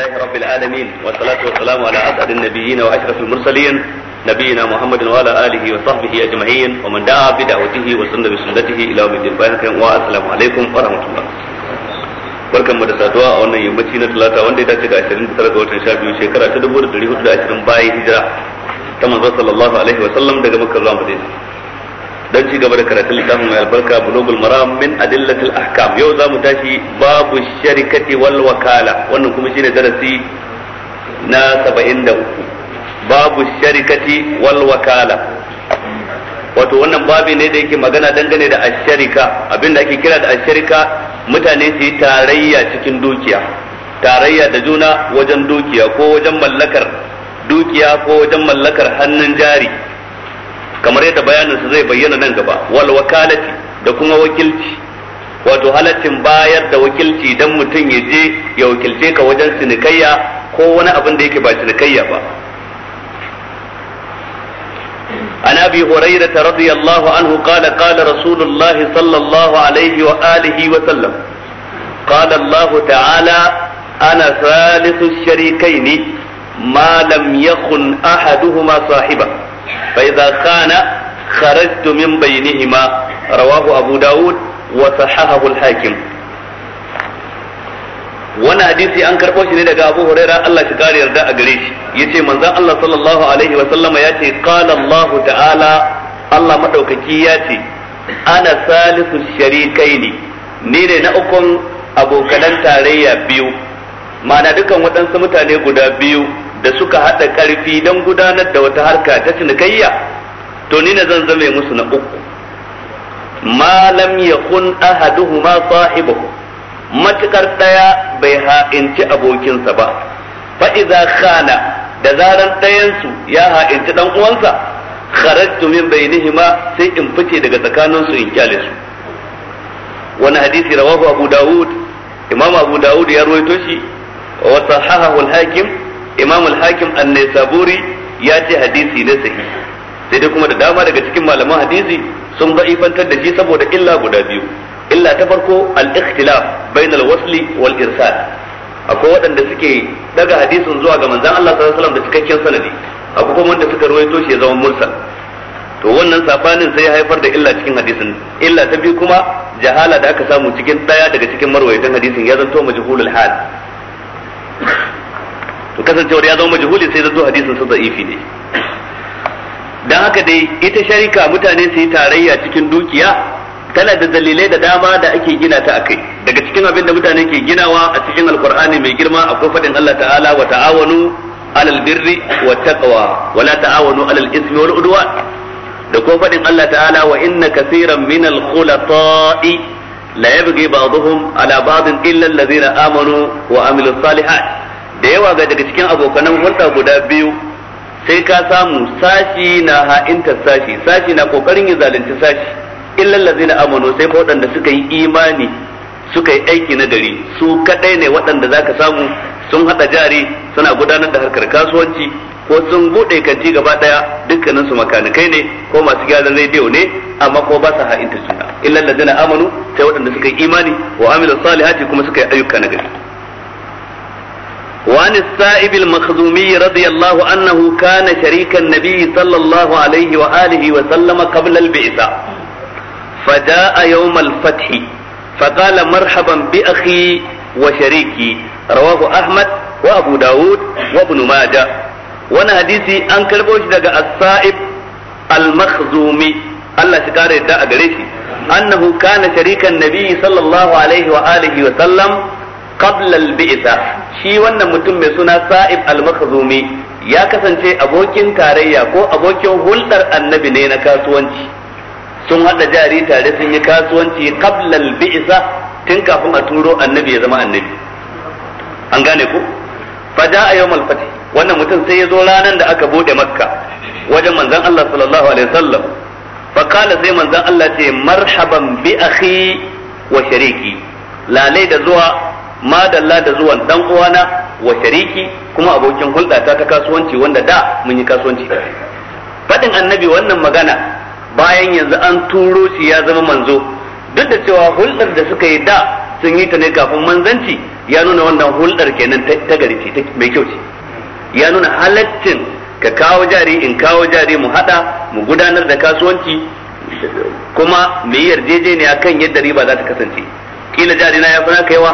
لله رب العالمين والصلاة والسلام على أسعد النبيين وأشرف المرسلين نبينا محمد وعلى آله وصحبه أجمعين ومن دعا بدعوته وسن بسنته إلى يوم الدين والسلام عليكم ورحمة الله barkan mu da saduwa a wannan yammaci na talata wanda ya dace da 29 ga watan 12 shekara ta 1420 bayan hijira ta manzo sallallahu alaihi wa sallam daga makka zuwa madina dan ci gaba da karatun littafin mai albarka bulugul maram min adillatil ahkam yau zamu tashi babu sharikati wal wakala wannan kuma shine darasi na 73 babu sharikati wal wakala wato wannan babi ne da yake magana dangane da asharika abinda ake kira da asharika mutane su yi tarayya cikin dukiya tarayya da juna wajen dukiya ko wajen mallakar dukiya ko wajen mallakar hannun jari kamar yadda bayanin su zai bayyana nan gaba wal wakalati da kuma wakilci wato halaccin bayar da wakilci dan mutum ya je ya wakilce ka wajen sinikayya ko wani abin da yake ba sinikayya ba عن ابي هريره رضي الله عنه قال قال رسول الله صلى الله عليه واله وسلم قال الله تعالى انا ثالث الشريكين ما لم يخن احدهما صاحبه فإذا كان خرجت من بينهما bainihima rawahu abu وصححه الحاكم hakim wannan hadisi an karɓo shi ne daga Abu Huraira Allah shi kare yarda a gare shi yace manzon Allah sallallahu alaihi wa sallama yace qala Allah ta'ala Allah madaukaki yace ana salisu sharikaini ni ne na ukun abokan tarayya biyu ma'ana dukan waɗansu mutane guda biyu da suka haɗa ƙarfi don gudanar da wata harka ta cinikayya to ni na zan zame musu na uku ya kun ahaduhu ma sahibahu matukar ɗaya bai ha'inci abokinsa ba fa iza khana da zaran ɗayansu ya ha'inci ɗan uwansa kharajtu min bainihima sai in fice daga tsakaninsu in kyale su wani hadisi rawahu abu dawud imam abu dawud ya ruwaito shi wa sahahu al-hakim imam al-hakim an-naisaburi ya ce hadisi ne sahi sai dai kuma da dama daga cikin malaman hadisi sun da'ifantar da shi saboda illa guda biyu illa ta farko al-ikhtilaf bain al-wasli wal irsal akwai waɗanda suke daga hadisin zuwa ga manzon Allah sallallahu alaihi wasallam da cikakken sanadi akwai kuma wanda suka ruwaito shi zaman mursal to wannan safanin sai ya haifar da illa cikin hadisin illa ta biyu kuma jahala da aka samu cikin daya daga cikin marwayatan hadisin ya zanto majhulul hal kasancewar ya zama majhuli sai da zo hadisin sa da'ifi ne dan haka dai ita sharika mutane su yi tarayya cikin dukiya tana da dalilai da dama da ake gina ta akai daga cikin abin da mutane ke ginawa a cikin alkur'ani mai girma akwai faɗin Allah ta'ala wa ta'awanu alal birri wa taqwa wa la ta'awanu alal ismi wal udwan da kuma faɗin Allah ta'ala wa inna kaseeran min al khulata'i la yabghi ba'dhum ala ba'din illa alladhina amanu wa amilus salihat da yawa ga daga cikin abokanan hulɗa guda biyu sai ka samu sashi na ha'intar sashi sashi na kokarin yin zalunci sashi illal ladina amanu sai ko waɗanda suka yi imani suka yi aiki na gari su kadai ne waɗanda zaka samu sun hada jari suna gudanar da harkar kasuwanci ko sun bude kanti gaba daya dukkanin su makanikai ne ko masu gyaran rediyo ne amma ko ba sa ha'inta juna illal ladina amanu sai waɗanda suka yi imani wa amilu salihati kuma suka yi ayyuka na gari وعن السائب المخزومي رضي الله عنه كان شريك النبي صلى الله عليه وآله وسلم قبل البعثة فجاء يوم الفتح فقال مرحبا بأخي وشريكي رواه أحمد وأبو داود وابن ماجة وانا حديثي أن كربوش دقاء السائب المخزومي الله شكاره دا أنه كان شريك النبي صلى الله عليه وآله وسلم qabla al-bi'sa shi wannan mutum mai suna Sa'ib al-Makhzumi ya kasance abokin tarayya ko abokin hulɗar annabi ne na kasuwanci sun hada jari tare sun yi kasuwanci qabla al-bi'sa tun kafin a turo annabi ya zama annabi an gane ko faja a yawmal fath wannan mutum sai ya zo ranar da aka bude makka wajen manzon Allah sallallahu alaihi wasallam fa kala sai manzon Allah ce marhaban bi akhi wa shariki lalai da zuwa ma da zuwan dan uwana wa shariki kuma abokin hulɗa ta ta kasuwanci wanda da mun yi kasuwanci faɗin annabi wannan magana bayan yanzu an turo shi ya zama manzo duk da cewa hulɗar da suka yi da sun yi ta ne kafin manzanci ya nuna wannan hulɗar kenan ta gari ce mai kyau ce ya nuna halaccin ka kawo jari in kawo jari mu haɗa mu gudanar da kasuwanci kuma mu yi yarjejeniya kan yadda riba za ta kasance kila jari na ya fi naka yawa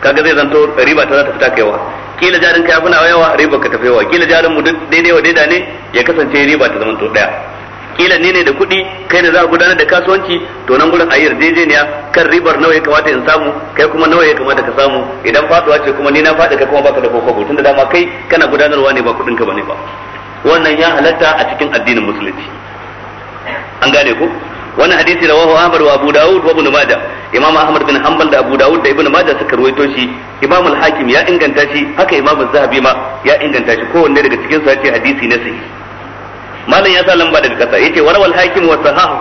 kaga zai zanto riba ta za ta fita kaiwa kila jarin ka abuna nawa yawa riba ka tafi yawa kila jarin mu duk daidai wa daida ne ya kasance riba ta zamanto daya kila ni ne da kuɗi kai ne za a gudanar da kasuwanci to nan gurin a yarjejeniya kan ribar nawa ya kamata in samu kai kuma nawa ya kamata ka samu idan faduwa ce kuma ni na faɗi kai kuma baka da kokobo tunda dama kai kana gudanarwa ne ba kuɗin ka bane ba wannan ya halatta a cikin addinin musulunci an gane ku. wannan hadisi rawahu Ahmad wa Abu Dawud wa Ibn Majah Imam Ahmad bin Hanbal da Abu Dawud da Ibn Majah suka ruwaito shi Imam al-Hakim ya inganta shi haka Imam az-Zahabi ma ya inganta shi kowanne daga cikin su yace hadisi ne sahihi malam ya sa lamba daga kasa yace warawal hakim wa sahahu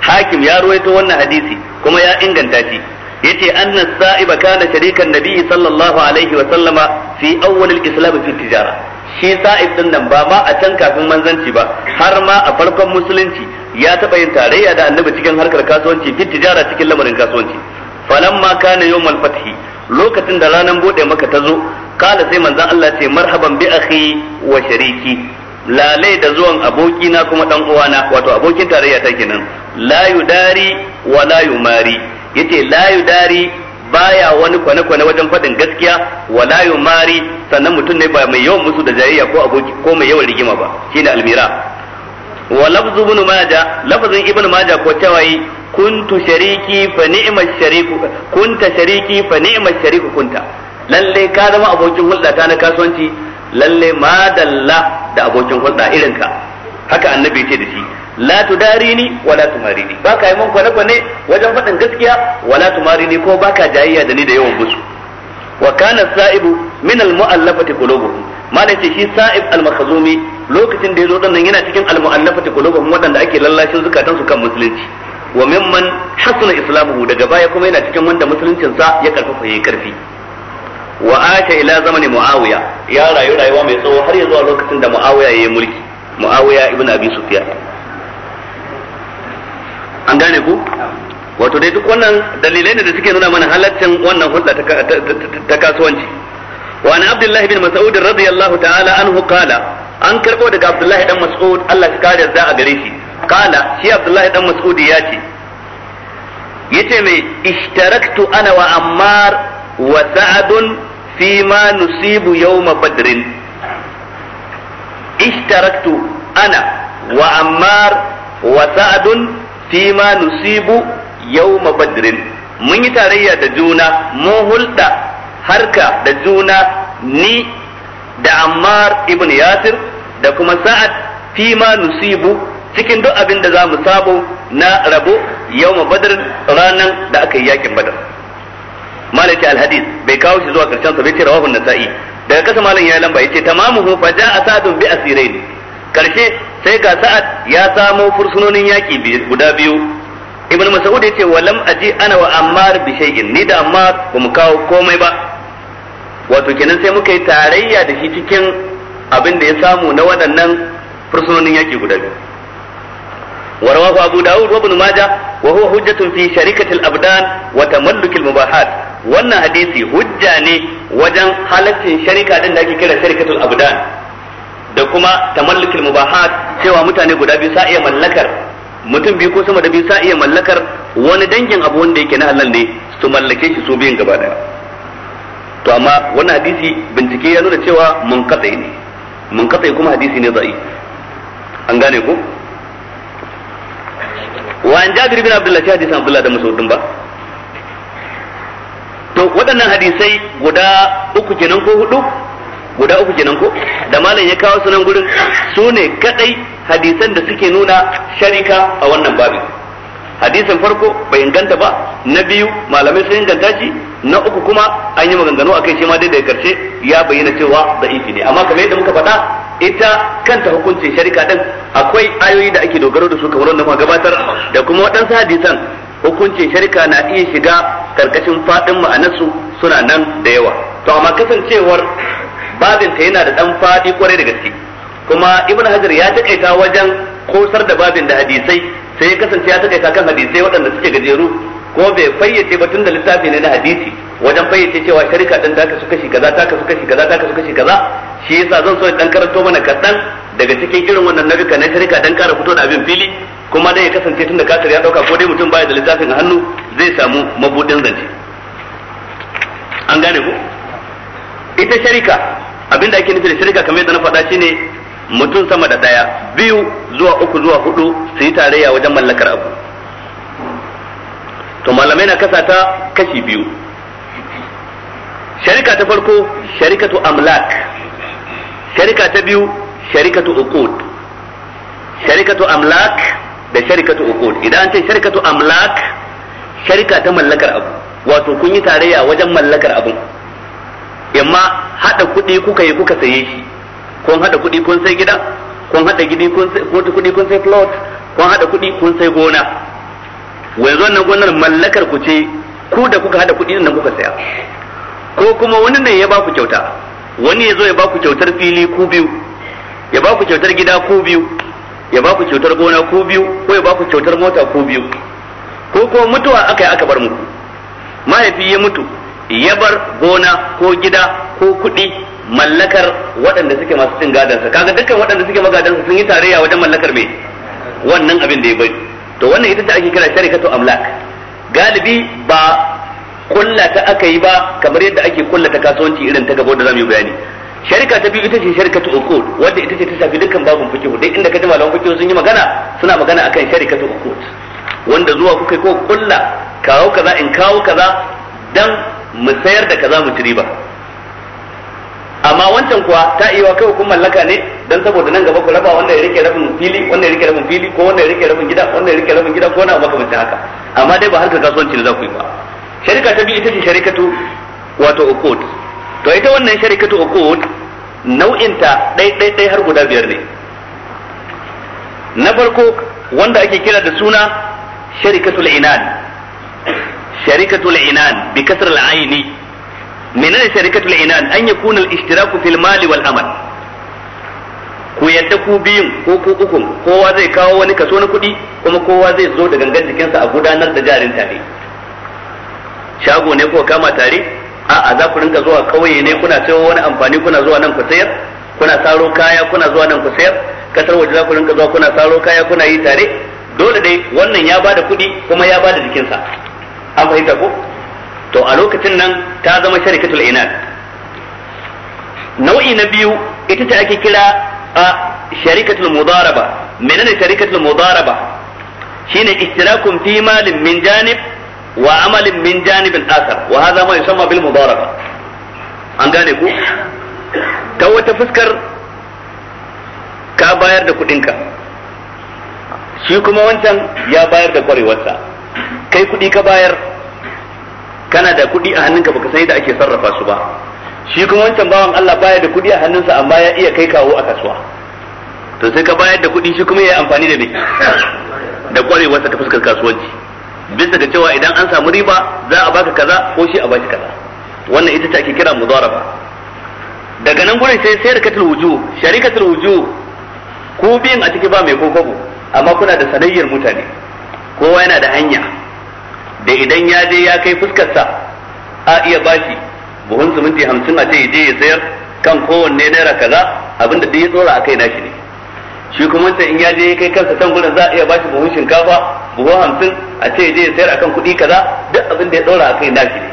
hakim ya ruwaito wannan hadisi kuma ya inganta shi yace anna sa'iba kana sharikan nabi sallallahu alaihi wa sallama fi awwal al-islam fi tijara shi sa'id din nan ba ma a can kafin manzanci ba har ma a farkon musulunci ya taɓa yin tarayya da annabi cikin harkar kasuwanci fit tijara cikin lamarin kasuwanci falamma kana yawmal fathi lokacin da ranar bude maka ta zo kala sai manzan Allah ce marhaban bi akhi wa shariki lalai da zuwan aboki na kuma dan uwana wato abokin tarayya ta kenan la yudari wa la yumari yace la yudari baya wani kwane-kwane wajen faɗin gaskiya wala Mari, sannan mutum ne ba mai yawan musu da jayayya ko aboki ko mai yawan rigima ba shine almira wa lafzu ibn majah lafzin ibn majah ko cewa kuntu shariki fa ni'mat shariku kunta shariki fa ni'mat shariku kunta lalle ka zama abokin hulɗa ta na kasuwanci lalle madalla da abokin hulɗa irinka haka annabi ce da shi la ni wala ni baka yi mun kwane kwane wajen faɗin gaskiya wala ni ko baka jayayya da ni da yawan busu wa kana sa'ibu min al mu'allafati qulubuhum malai ce shi sa'ib al makhzumi lokacin da yazo dinnan yana cikin al mu'allafati qulubuhum wadanda ake lallashin zukatan su kan musulunci wa mimman hasuna islamuhu daga baya kuma yana cikin wanda musuluncin sa ya karfafa yayi karfi wa ata ila zamani muawiya ya rayu rayuwa mai tsawo har ya zuwa lokacin da muawiya yayi mulki muawiya ibn abi sufyan an gane ku wato dai duk wannan dalilai ne da suke nuna mana halaccin wannan hulɗa ta kasuwanci wa an abdullahi bin mas'ud radiyallahu ta'ala anhu qala an karbo daga abdullahi dan mas'ud Allah ya kare da a gare shi qala shi abdullahi dan mas'ud ya ce yace me ishtaraktu ana wa ammar wa sa'd fi ma nusibu yawma badrin ishtaraktu ana wa ammar wa fima nusibu yawma badrin mun yi tarayya da juna mun hulɗa harka da juna ni da Ammar ibn Yasir da kuma Sa'ad fima nusibu cikin duk abin da za mu sabo na rabo yawma badr ranan da aka yi yakin badr malaki alhadis bai kawo shi zuwa karshen sa bai ce rawahu nasa'i daga kasa malam ya lamba yace tamamuhu fa ja'a sa'adun bi asirain karshe sai ga sa'ad ya samo fursunonin yaki guda biyu ibn mas'ud yace walam aji ana wa ammar bi shay'in ni da amma ba mu kawo komai ba wato kenan sai muka yi tarayya da shi cikin abin da ya samu na waɗannan fursunonin yaki guda biyu ورواه أبو داود وابن ماجة وهو حجة في شركة الأبدان وتملك المباحات wannan hadisi hujja ne wajen halaccin sharika din da ake kira sharikatul abdan da kuma tamallukul mubahat cewa mutane guda biyu sa iya mallakar mutum biyu ko sama da biyu sa iya mallakar wani dangin abu wanda yake na halal ne su mallake shi su biyun gaba daya to amma wannan hadisi bincike ya nuna cewa munqati ne munqati kuma hadisi ne da'i an gane ko wa an jabir bin abdullah shi hadisin abdullah da masaudin ba to waɗannan hadisai guda uku kenan ko hudu guda uku kenan ko da malam ya kawo sunan gurin su ne kadai hadisan da suke nuna sharika a wannan babin hadisan farko bai inganta ba na biyu malamai sun inganta shi na uku kuma an yi maganganu a kai shi ma dai karshe ya bayyana cewa ifi ne amma kamar yadda muka faɗa ita kanta hukuncin sharika din akwai ayoyi da ake dogaro da su kamar wanda muka gabatar da kuma waɗansu hadisan hukuncin sharika na iya shiga karkashin faɗin ma'anarsu suna nan da yawa to amma kasancewar babin yana da dan fadi kwarai da gaske kuma ibnu hajar ya takaita wajen kosar da babin da hadisai sai ya kasance ya takaita kan hadisai waɗanda suke gajeru ko bai fayyace ba tunda littafi ne na hadisi wajen fayyace cewa sharika din ta su kashi kaza ta ka su kashi kaza ta ka su kashi kaza shi yasa zan so dan karanto mana kaɗan daga cikin irin wannan ka na sharika dan kara fito da abin fili kuma dai ya kasance tunda kasir ya dauka ko dai mutum baya da littafin a hannu zai samu mabudin zance an gane ku ita sharika abinda ake nufi da shirka kamar yadda na faɗa shine mutum sama da daya biyu zuwa uku zuwa hudu su yi tarayya wajen mallakar abu to malamai na kasa ta kashi biyu sharika ta farko sharikatu amlak sharika ta biyu sharikatu uqud sharikatu amlak da sharikatu uqud idan an ce sharikatu amlak sharika ta mallakar abu wato kun yi tarayya wajen mallakar abu imma hada kuɗi kuka yi kuka saye shi kun hada kuɗi kun sai gida kun hada gidi kun sai kuɗi kun sai plot kun hada kuɗi kun sai gona yanzu wannan gonar mallakar ku ce ku da kuka hada kuɗi nan kuka saya ko kuma wani ne ya ba ku kyauta wani ya zo ya ba ku kyautar fili ku biyu ya ba ku kyautar gida ku biyu ya ba ku kyautar gona ku biyu ko ya ba ku kyautar mota ku biyu ko kuma mutuwa aka yi aka bar muku mahaifi ya mutu ya bar gona ko gida ko kuɗi mallakar waɗanda suke masu cin gadansa kaga dukkan waɗanda suke magadansa sun yi tarayya wajen mallakar mai wannan abin da ya bari to wannan ita ce ake kira sharikatu amlak galibi ba kulla ta aka yi ba kamar yadda ake kulla ta kasuwanci irin ta gaba da zamu yi bayani sharika ta biyu ita ce sharikatu uqud wanda ita ce ta shafi dukkan babun fiqh dai inda ka ji malaman fiqh sun yi magana suna magana akan sharikatu uqud wanda zuwa kuka ko kulla kawo kaza in kawo kaza dan mu sayar da kaza mu ci riba amma wancan kuwa ta iya kai kun mallaka ne dan saboda nan gaba ku raba wanda ya rike rabin fili wanda ya rike rabin fili ko wanda ya rike rabin gida wanda ya rike rabin gida ko na abu makamancin haka amma dai ba harkar kasuwanci ne za ku yi ba sharika ta biyu ita ce sharikatu wato uqud to ita wannan sharikatu nau'in nau'inta ɗai ɗai ɗai har guda biyar ne na farko wanda ake kira da suna sharikatul inan sharikatul inan bi kasr al menene sharikatul inan an yakuna al ishtiraku fil mali wal ku yadda ku biyun ko ku ukun kowa zai kawo wani kaso na kuɗi kuma kowa zai zo da gangan jikinsa a gudanar da jarin tare shago ne ko kama tare a'a za ku rinka zuwa kauye ne kuna sayo wani amfani kuna zuwa nan ku sayar kuna saro kaya kuna zuwa nan ku sayar kasar waje za ku rinka zuwa kuna saro kaya kuna yi tare dole dai wannan ya bada kuɗi kuma ya bada jikinsa an fahimta ko to a lokacin nan ta zama sharikatul inad nau'i na biyu ita ce ake kira a sharikatul mudaraba menene sharikatul mudaraba shine ishtirakun fi malin min janib wa amalin min janibin akhar wa hadha ma yusamma bil mudaraba an gane ku ta wata fuskar ka bayar da kudinka shi kuma wancan ya bayar da kwarewarsa kai kuɗi ka bayar kana da kuɗi a hannunka baka san yadda ake sarrafa su ba shi kuma wancan bawan Allah baya da kuɗi a hannunsa amma ya iya kai kawo a kasuwa to sai ka bayar da kuɗi shi kuma ya yi amfani da me da ƙwarewarsa ta fuskar kasuwanci bisa ga cewa idan an samu riba za a baka kaza ko shi a baki kaza wannan ita ce ake kira mudaraba daga nan gurin sai sayar katul wujuh sharikatul wujuh ku biyan a ciki ba mai kokobo amma kuna da sanayyar mutane kowa yana da hanya da idan ya je ya kai fuskarsa a iya bashi buhun zumunci hamsin a ce ya je ya sayar kan kowanne naira kaza abinda duk ya tsora a kai nashi ne shi kuma wanda in ya je ya kai kansa can gurin za a iya bashi buhun shinkafa buhun hamsin a ce ya je ya sayar akan kuɗi kaza duk abin da ya tsora a kai nashi ne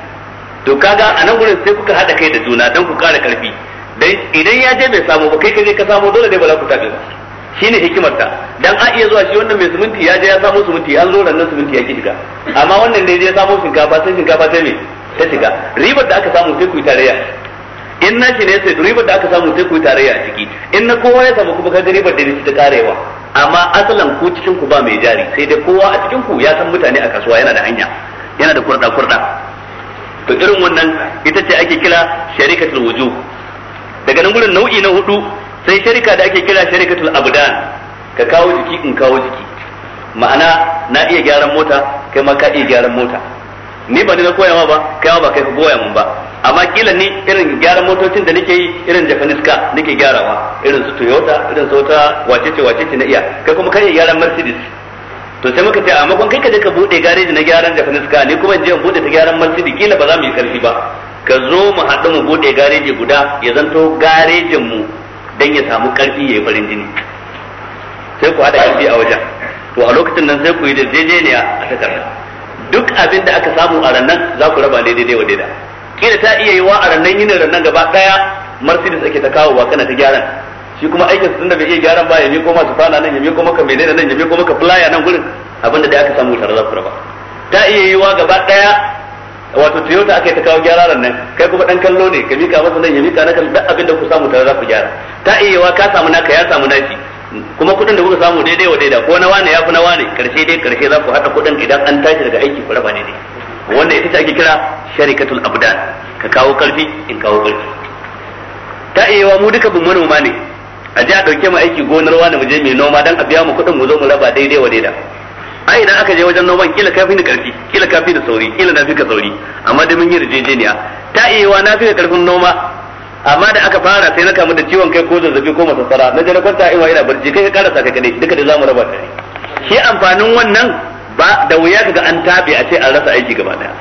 to kaga a nan gurin sai kuka haɗa kai da juna don ku ƙara ƙarfi dan idan ya je bai samu ba kai ka je ka samu dole dai ba za ku tafi ba shine hikimar ta dan a iya zuwa shi wannan mai suminti ya je ya samu suminti an zo rannan suminti ya kidiga amma wannan da ya je ya samu shinkafa sai shinkafa sai me ta shiga ribar da aka samu sai ku yi tarayya in na shi ne sai ribar da aka samu sai ku yi tarayya a ciki in na kowa ya samu kuma ga ribar da ta karewa amma asalan ku cikin ku ba mai jari sai dai kowa a cikin ku ya san mutane a kasuwa yana da hanya yana da kurda kurda to irin wannan ita ce ake kira sharikatul wujuh daga nan gurin nau'i na hudu sai sharika da ake kira sharikatul abdan ka kawo jiki in kawo jiki ma'ana na iya gyaran mota kai ma ka iya gyaran mota ni ba ni na koyawa ba kai ma ba kai ka goya mun ba amma kila ni irin gyaran motocin da nake yi irin japaniska nake gyarawa irin su toyota irin su wata wacece wacece na iya kai kuma kai gyaran mercedes to sai muka ce amma kun kai ka je ka bude gareji na gyaran japaniska ni kuma in je in bude ta gyaran mercedes kila ba za mu yi karfi ba ka zo mu haɗu mu bude gareji guda ya zanto garejin mu dan ya samu karfi yayi farin jini sai ku ada karfi a wajen to a lokacin nan sai ku yi daidaiya a takarda duk abin da aka samu a rannan za ku raba ne daidai wa daida kila ta iya yi wa a rannan yin rannan gaba daya mercedes ake ta kawo wa kana ta gyaran shi kuma aikin su tunda bai iya gyaran ba ya miko su fana nan ya miko maka menene nan ya miko maka flyer nan gurin abinda da aka samu tare za ku raba ta iya yi wa gaba daya wato Toyota aka yi ta kawo ran nan kai kuma dan kallo ne ka mika masa nan ya mika naka duk abin da ku samu tare za ku gyara ta iyawa ka samu naka ya samu naki kuma kudin da kuka samu daidai wa daidai ko na wane ya fi na wane karshe dai karshe za ku haɗa kudin idan an tashi daga aiki ku raba ne ne wannan ita ce ake kira sharikatul abdan ka kawo karfi in kawo karfi ta iyawa mu duka bin manoma ne a je a dauke mu aiki gonar na mu je mai noma dan a biya mu kudin mu zo mu raba daidai wa daidai a idan aka je wajen noman kila kafi da karfi kila kafi da sauri kila na fi ka sauri amma da mun yi rijejeniya ta iyawa na fi ka karfin noma amma da aka fara sai na kamu da ciwon kai ko zazzabi ko masassara na jira na kwanta iwa ina barci kai ka karasa kai kadai duka da zamu raba tare shi amfanin wannan ba da wuya kaga an tabe a ce an rasa aiki gaba daya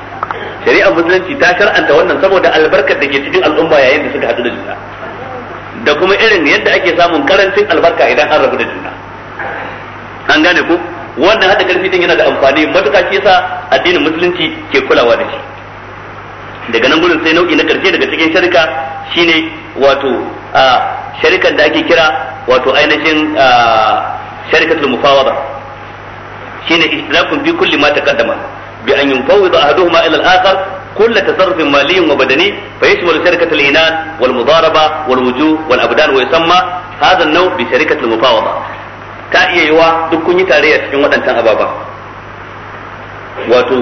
shari'ar musulunci ta shar'anta wannan saboda albarkar da ke cikin al'umma yayin da suka hadu da juna da kuma irin yadda ake samun karancin albarka idan an rabu da juna an gane ku wannan hada karfi din yana da amfani matuƙa shi yasa addinin musulunci ke kulawa da shi daga nan gurin sai nau'i na karshe daga cikin sharika shine wato a sharikan da ake kira wato ainihin sharikatul mufawada shine ishtirakun bi kulli ma taqaddama bi an yunfawida ahaduhuma ila al-akhar كل تصرف مالي وبدني فيشمل شركة الإنان والمضاربة والوجوه والأبدان ويسمى هذا النوع بشركة المفاوضة ta iya yiwa duk kun yi tarayya cikin waɗancan ababa wato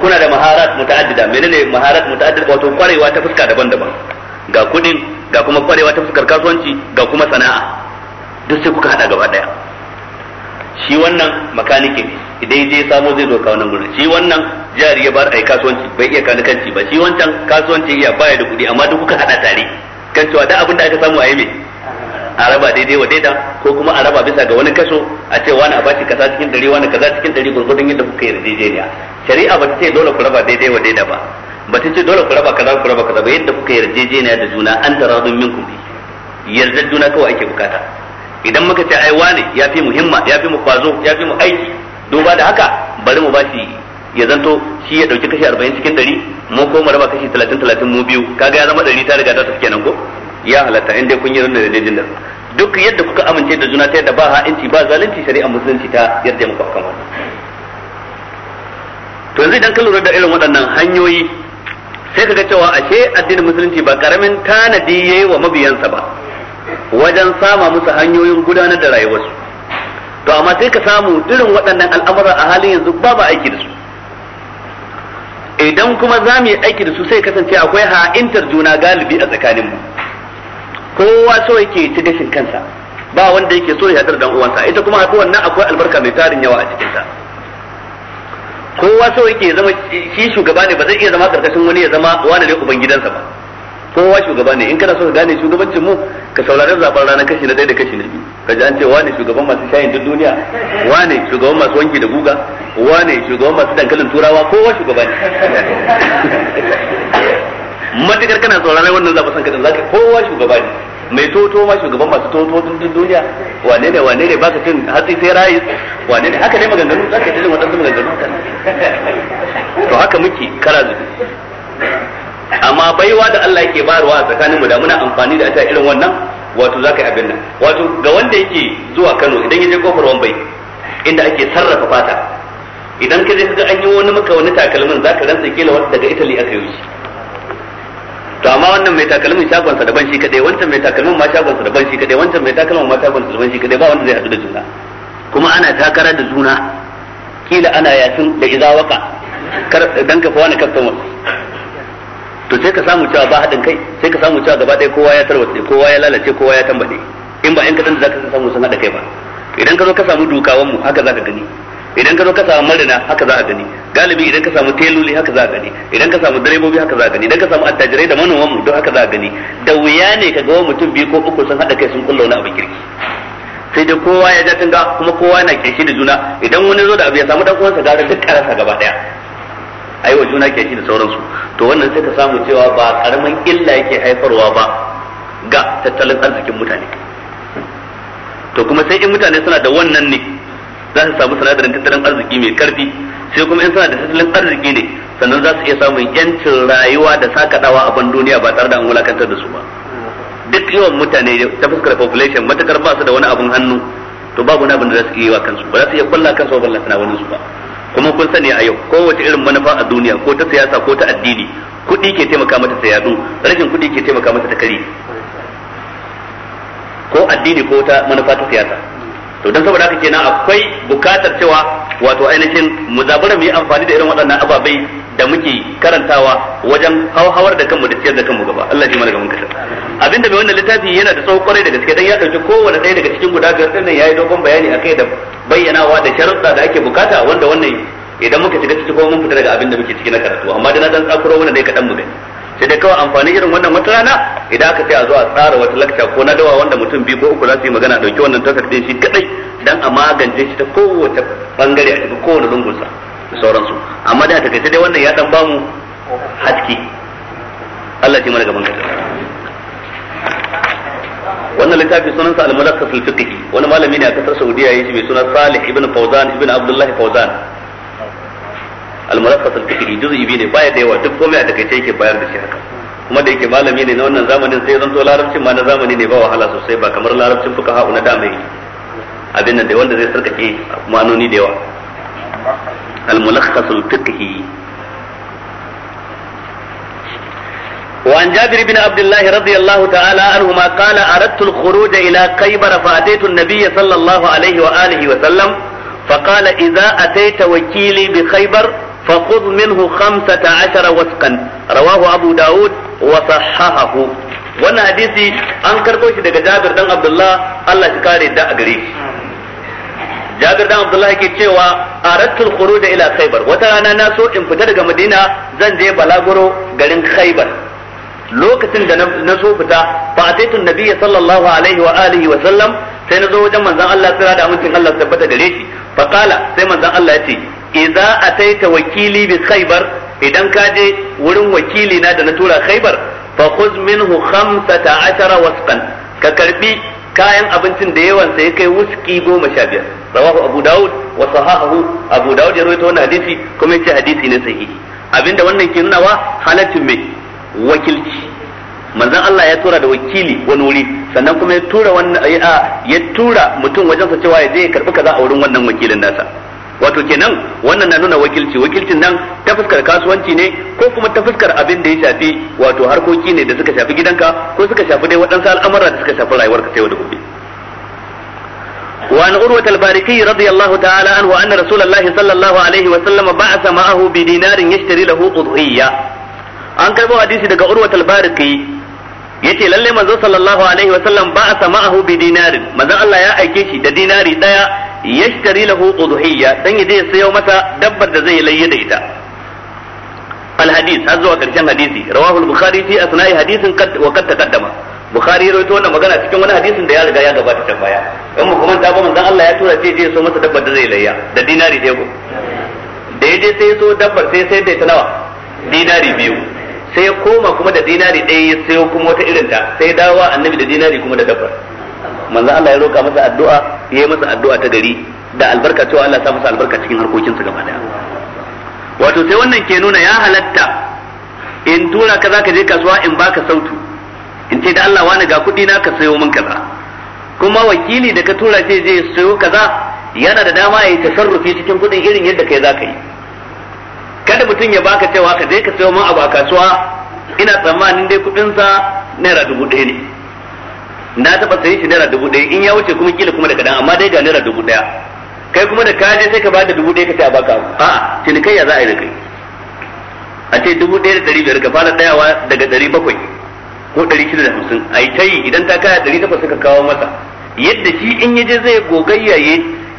kuna da maharat muta'addida menene maharat muta'addida wato kwarewa ta fuska daban-daban ga kudin ga kuma kwarewa ta fuskar kasuwanci ga kuma sana'a duk sai kuka hada gaba daya shi wannan makanike idan je samo zai zo kawo nan gurin shi wannan jari ya bar ai kasuwanci bai iya kanci ba shi wancan kasuwanci iya baya da kudi amma duk kuka hada tare kan cewa da abin da aka samu a yi a raba daidai wa daida ko kuma a raba bisa ga wani kaso a ce wani a bashi kaza cikin dari wani kaza cikin dari gurgurdun yadda kuka yi yarjejeniya shari'a ba ta ce dole ku raba daidai wa daida ba ba ta ce dole ku raba kaza ku raba kaza ba yadda kuka yi yarjejeniya da juna an tara don min bi yarda juna kawai ake bukata idan muka ce ai wani ya fi muhimma ya fi mu kwazo ya fi mu aiki duba da haka bari mu bashi ya zanto shi ya dauki kashi 40 cikin 100 mu ko mu raba kashi 30 30 mu biyu kaga ya zama 100 ta riga ta tafi kenan ko ya halatta in kun yi ranar da jinnar duk yadda kuka amince da juna ta yadda ba ha'inci ba zalunci shari'a musulunci ta yadda muku akan to yanzu idan ka lura da irin waɗannan hanyoyi sai ka ga cewa ashe addinin musulunci ba karamin tanadi yi wa mabiyansa ba wajen sama musu hanyoyin gudanar da rayuwarsu to amma sai ka samu irin waɗannan al'amura a halin yanzu ba ba aiki da su idan kuma za mu yi aiki da su sai kasance akwai ha'intar juna galibi a tsakaninmu kowa so yake ci gashin kansa ba wanda yake so ya dan uwansa ita kuma haka wannan akwai albarka mai tarin yawa a cikin ta kowa so yake zama shi shugaba ne ba zai iya zama karkashin wani ya zama wani ne uban gidansa ba kowa shugaba ne in kana so ka gane shugabancin mu ka saurari zaben ranar kashi na ɗaya da kashi na biyu ka ji an ce wane shugaban masu shayin duk duniya wane shugaban masu wanki da guga wane shugaban masu dankalin turawa kowa shugaba ne matukar kana saurari wannan zaben san kadan zaka kowa shugaba ne mai toto ma shugaban masu toto din duniya wane ne wane ne ba ka cin hatsi sai rayi wane ne haka ne maganganu za ka ji wadansu maganganu to haka muke kara zubi amma baiwa da Allah yake bayarwa a tsakaninmu da muna amfani da ita irin wannan wato ka yi abin nan wato ga wanda yake zuwa Kano idan ya je kofar Wambai inda ake sarrafa fata idan ka je ga an yi wani maka wani takalmin za ka ransa kila wata daga Italy aka yi shi to amma wannan mai takalmin shagon sa daban shi kadai wancan mai takalmin ma shagon sa daban shi kadai wancan mai takalmin ma shagon sa daban shi kadai ba wanda zai hadu da juna kuma ana takara da juna kila ana yasin da izawaka kar dan ka fa wani customer to sai ka samu cewa ba haɗin kai sai ka samu cewa gaba ɗaya kowa ya tarwatse kowa ya lalace kowa ya tambade in ba in kadan da zaka samu sun hada kai ba idan ka zo ka samu dukawan mu haka zaka gani idan ka zo ka samu marina haka za a gani galibi idan ka samu teloli haka za a gani idan ka samu direbobi haka za a gani idan ka samu attajirai da manoman mu don haka za a gani da wuya ne ka ga mutum biyu ko uku sun hada kai sun kulla wani abin kirki sai dai kowa ya ja tunga kuma kowa na kirki da juna idan wani zo da abu ya samu dan uwansa gara duk karasa gaba daya ai wa juna kirki da sauransu to wannan sai ka samu cewa ba karaman illa yake haifarwa ba ga tattalin arzikin mutane to kuma sai in mutane suna da wannan ne za su samu sinadarin tattalin arziki mai karfi sai kuma in suna da tattalin arziki ne sannan za su iya samun yancin rayuwa da sakadawa a ban duniya ba tare da an wulakantar da su ba duk yawan mutane ta fuskar population matakar ba su da wani abun hannu to babu wani abin da za su iya wa kansu ba za su iya kwalla kansu ba lantana wani su ba kuma kun sani a yau kowace irin manufa a duniya ko ta siyasa ko ta addini kuɗi ke taimaka mata ta yadu rashin kuɗi ke taimaka mata ta kari ko addini ko ta manufa ta siyasa to dan saboda haka kenan akwai bukatar cewa wato ainihin mu zabura mu yi amfani da irin waɗannan ababai da muke karantawa wajen hauhawar da kanmu da ciyar da kanmu gaba Allah ji mana gaban kasa abinda mai wannan littafi yana da tsawo kwarai da gaske dan ya dauki kowanne ɗaya daga cikin guda biyar ya yayi dogon bayani akai da bayyanawa da sharuɗa da ake bukata wanda wannan idan muka shiga ciki ko mun fita daga abin da muke ciki na karatu amma dana dan tsakuro wannan dai kaɗan mu gani sai dai kawai amfani irin wannan wata rana idan aka ce a zo a tsara wata lakta ko na dawa wanda mutum biyu ko uku za su yi magana dauki wannan takardin shi kadai dan a magance shi ta kowace bangare a cikin kowane lungunsa da sauransu amma da ta dai wannan ya dan bamu haske Allah ya mana gaban kasa wannan littafi sunansa al-mulakkas al-fiqhi wani malami ne a kasar Saudiya yayi shi mai suna Salih ibn Fawzan ibn Abdullah Fawzan al-mulaffas al-fikri juz'i biyu ne baya da yawa duk komai a takaice yake bayar da shi haka kuma da yake malami ne na wannan zamanin sai zanto larabcin ma na zamani ne ba wahala sosai ba kamar larabcin fuka ha'u na dama yake abin nan da wanda zai sarkake ma'anoni da yawa al-mulaffas al-fikri وعن جابر بن عبد الله رضي الله تعالى عنهما قال أردت الخروج إلى خيبر فأتيت النبي صلى الله عليه وآله وسلم فقال إذا أتيت وكيلي بخيبر فخذ منه خمسة عشر وسقا رواه أبو داود وصححه wannan hadisi an karɓo shi daga Jabir dan Abdullah Allah shi kare da a gare shi Jabir dan Abdullah yake cewa aratul khuruj ila Khaybar wata rana na so in fita daga Madina zan je balaguro garin Khaybar lokacin da na so fita fa ataitu nabiyyi sallallahu alaihi wa alihi wa sallam sai na zo wajen manzon Allah tsira da amincin Allah tabbata gare shi fa qala sai manzon Allah ya ce idza ataita wakili bi khaybar idan ka je wurin wakili na da na tura khaybar fa khudh minhu khamsata 15 wasqan ka karbi kayan abincin da yawan sai kai wuski goma sha biyar rawahu abu daud wa sahahu abu daud ya rawaito wannan hadisi kuma yace hadisi ne sahihi abinda wannan ke nunawa halaccin mai wakilci manzon Allah ya tura da wakili wani wuri sannan kuma ya tura wannan ya tura mutum wajen sa cewa ya je ya karbi kaza a wurin wannan wakilin nasa wato kenan wannan na nuna wakilci wakilcin nan ta fuskar kasuwanci ne ko kuma ta fuskar abin da ya shafi wato harkoki ne da suka shafi gidanka ko suka shafi dai waɗansu al'amura da suka shafi rayuwarka ta yau da gobe وعن عروة الباركي رضي الله تعالى عنه أن رسول الله صلى الله عليه وسلم بعث معه بدينار يشتري له أضحية أنكر حديث دقى عروة الباركي yace lalle manzo sallallahu alaihi wa sallam ba a sama'ahu bi dinarin manzo Allah ya aike shi da dinari daya yashtari lahu udhiyya dan yaje ya sayo masa dabbar da zai layye da ita al hadith har zuwa karshen hadisi rawahu al bukhari fi asna'i hadisin qad wa qad taqaddama bukhari ya rawaito wannan magana cikin wani hadisin da ya riga ya gabata can baya in mu kuma ta ba manzo Allah ya tura sai ya so masa dabbar da zai layya da dinari daya ko da yaje sai so dabbar sai sai da ita nawa dinari biyu sai ya koma kuma da dinari ɗaya ya sayo kuma wata irin ta sai dawowa annabi da dinari kuma da dabbar manzo Allah ya roka masa addu'a ya yi masa addu'a ta gari da albarka cewa Allah ya masa albarka cikin harkokinsa gaba daya wato sai wannan ke nuna ya halatta in tura ka zaka je kasuwa in baka sautu in ce da Allah wani ga kuɗi na ka sayo min kaza kuma wakili da ka tura je je sayo kaza yana da dama ya yi tasarrufi cikin kuɗin irin yadda kai zaka yi kada mutum ya baka cewa ka je ka sayo min abu a kasuwa ina tsammanin dai kudin sa naira dubu ɗaya ne na taɓa sayi shi naira dubu ɗaya in ya wuce kuma kila kuma da kaɗan amma dai ga naira dubu ɗaya kai kuma da kaje sai ka bada dubu ɗaya ka ce a baka abu a'a ya za a yi da kai a ce dubu ɗaya da ɗari biyar ka fara ɗayawa daga ɗari bakwai ko ɗari shida da hamsin a yi ta yi idan ta kaya ɗari takwas suka kawo masa yadda shi in ya je zai gogayya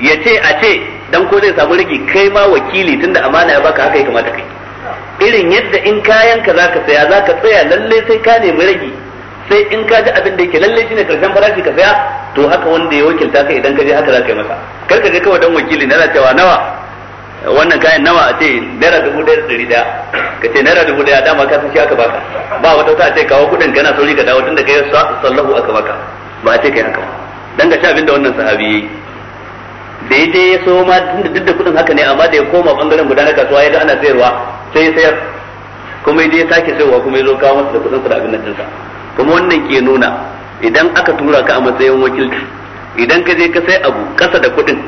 ya ce a ce dan ko zai samu rage kai ma wakili tunda amana ya baka haka ya kamata kai irin yadda in kayan ka zaka saya zaka tsaya lalle sai ka nemi rage sai in ka ji abin da yake lalle shine karshen farashi ka saya to haka wanda ya wakilta ka idan ka je haka zaka yi masa kar ka je kawai dan wakili na cewa nawa wannan kayan nawa a ce naira dubu ɗaya da ɗari ɗaya ka ce naira dubu ɗaya dama ka san shi aka baka ba wata ta ce kawo kuɗin kana sauri ka dawo tunda kai sallahu aka baka ba a ce kai haka ba dan ga sha abin da wannan sahabi yayi daidai ya ya so ma duk da kudin haka ne amma da ya koma bangaren guda na kasuwa ya ga ana sayarwa sai ya sayar kuma ya ya sake sayarwa kuma ya zo kawo masa da kudin sa da abin nan kuma wannan ke nuna idan aka tura ka a matsayin wakilci idan ka je ka sai abu kasa da kudin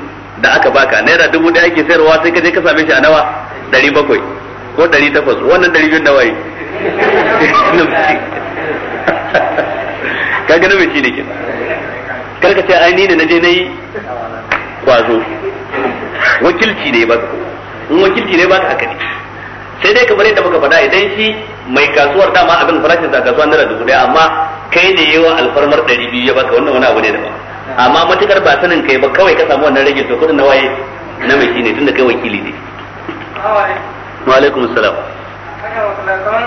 da aka baka naira dubu daya ake sayarwa sai ka je ka same shi a nawa ɗari bakwai ko ɗari takwas wannan ɗari biyun nawa yi ka na mai shi ne ke karka ce ai ni ne na je na yi kwazo wakilci ne ba in wakilci ne ba ka haka ne sai dai kamar yadda muka faɗa idan shi mai kasuwar dama abin farashin sa kasuwa naira dubu ɗaya amma kai ne yawa alfarmar ɗari biyu ya baka wannan wani abu ne ba amma matukar ba sanin kai ba kawai ka samu wannan rage to kudin na waye na mai shine tunda kai wakili ne wa alaikum salam inda ka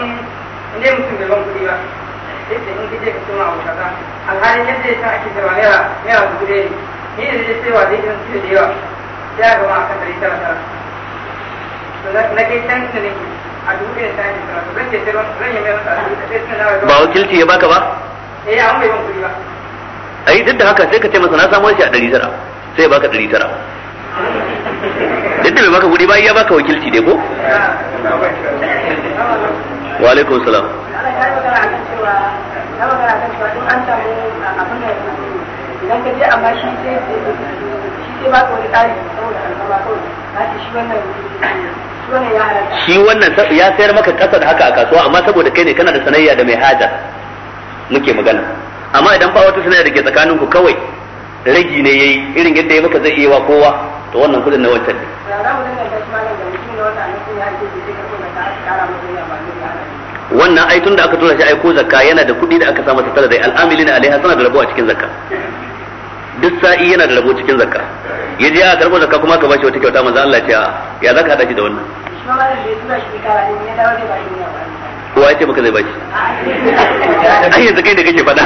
yadda ya sa ake naira naira dubu ɗaya ne shi ne ya cewa zai da ya dari tara tara na a dubu ne ba wakilci ya baka ba eh an bai kuɗi ba ai duk da haka sai ka ce masa na samu shi a ɗari tara sai ya baka ɗari tara duk da bai baka kuɗi ba ya baka wakilci dai ko wa alaikum salam magana kan cewa an samu abin da idan ka je amma shi sai shi ba saboda shi wannan shi wannan ya sayar maka kasa da haka a kasuwa amma saboda kai ne kana da sanayya da mai hajar muke magana amma idan ba wata sanayya da ke tsakanin ku kawai ragi ne yayi irin yadda ya maka zai iya wa kowa to wannan kudin na wancan ne wannan ai da aka tura shi ai ko zakka yana da kuɗi da aka sa masa tara dai al'amilina alaiha sana da rabo a cikin zakka duk sa'i yana da rabo cikin zakka ya je a karbo zakka kuma ka bashi wata kyauta manzo Allah ya ya zaka hada shi da wannan kowa ya ce maka zai bashi ai yanzu kai da kake faɗa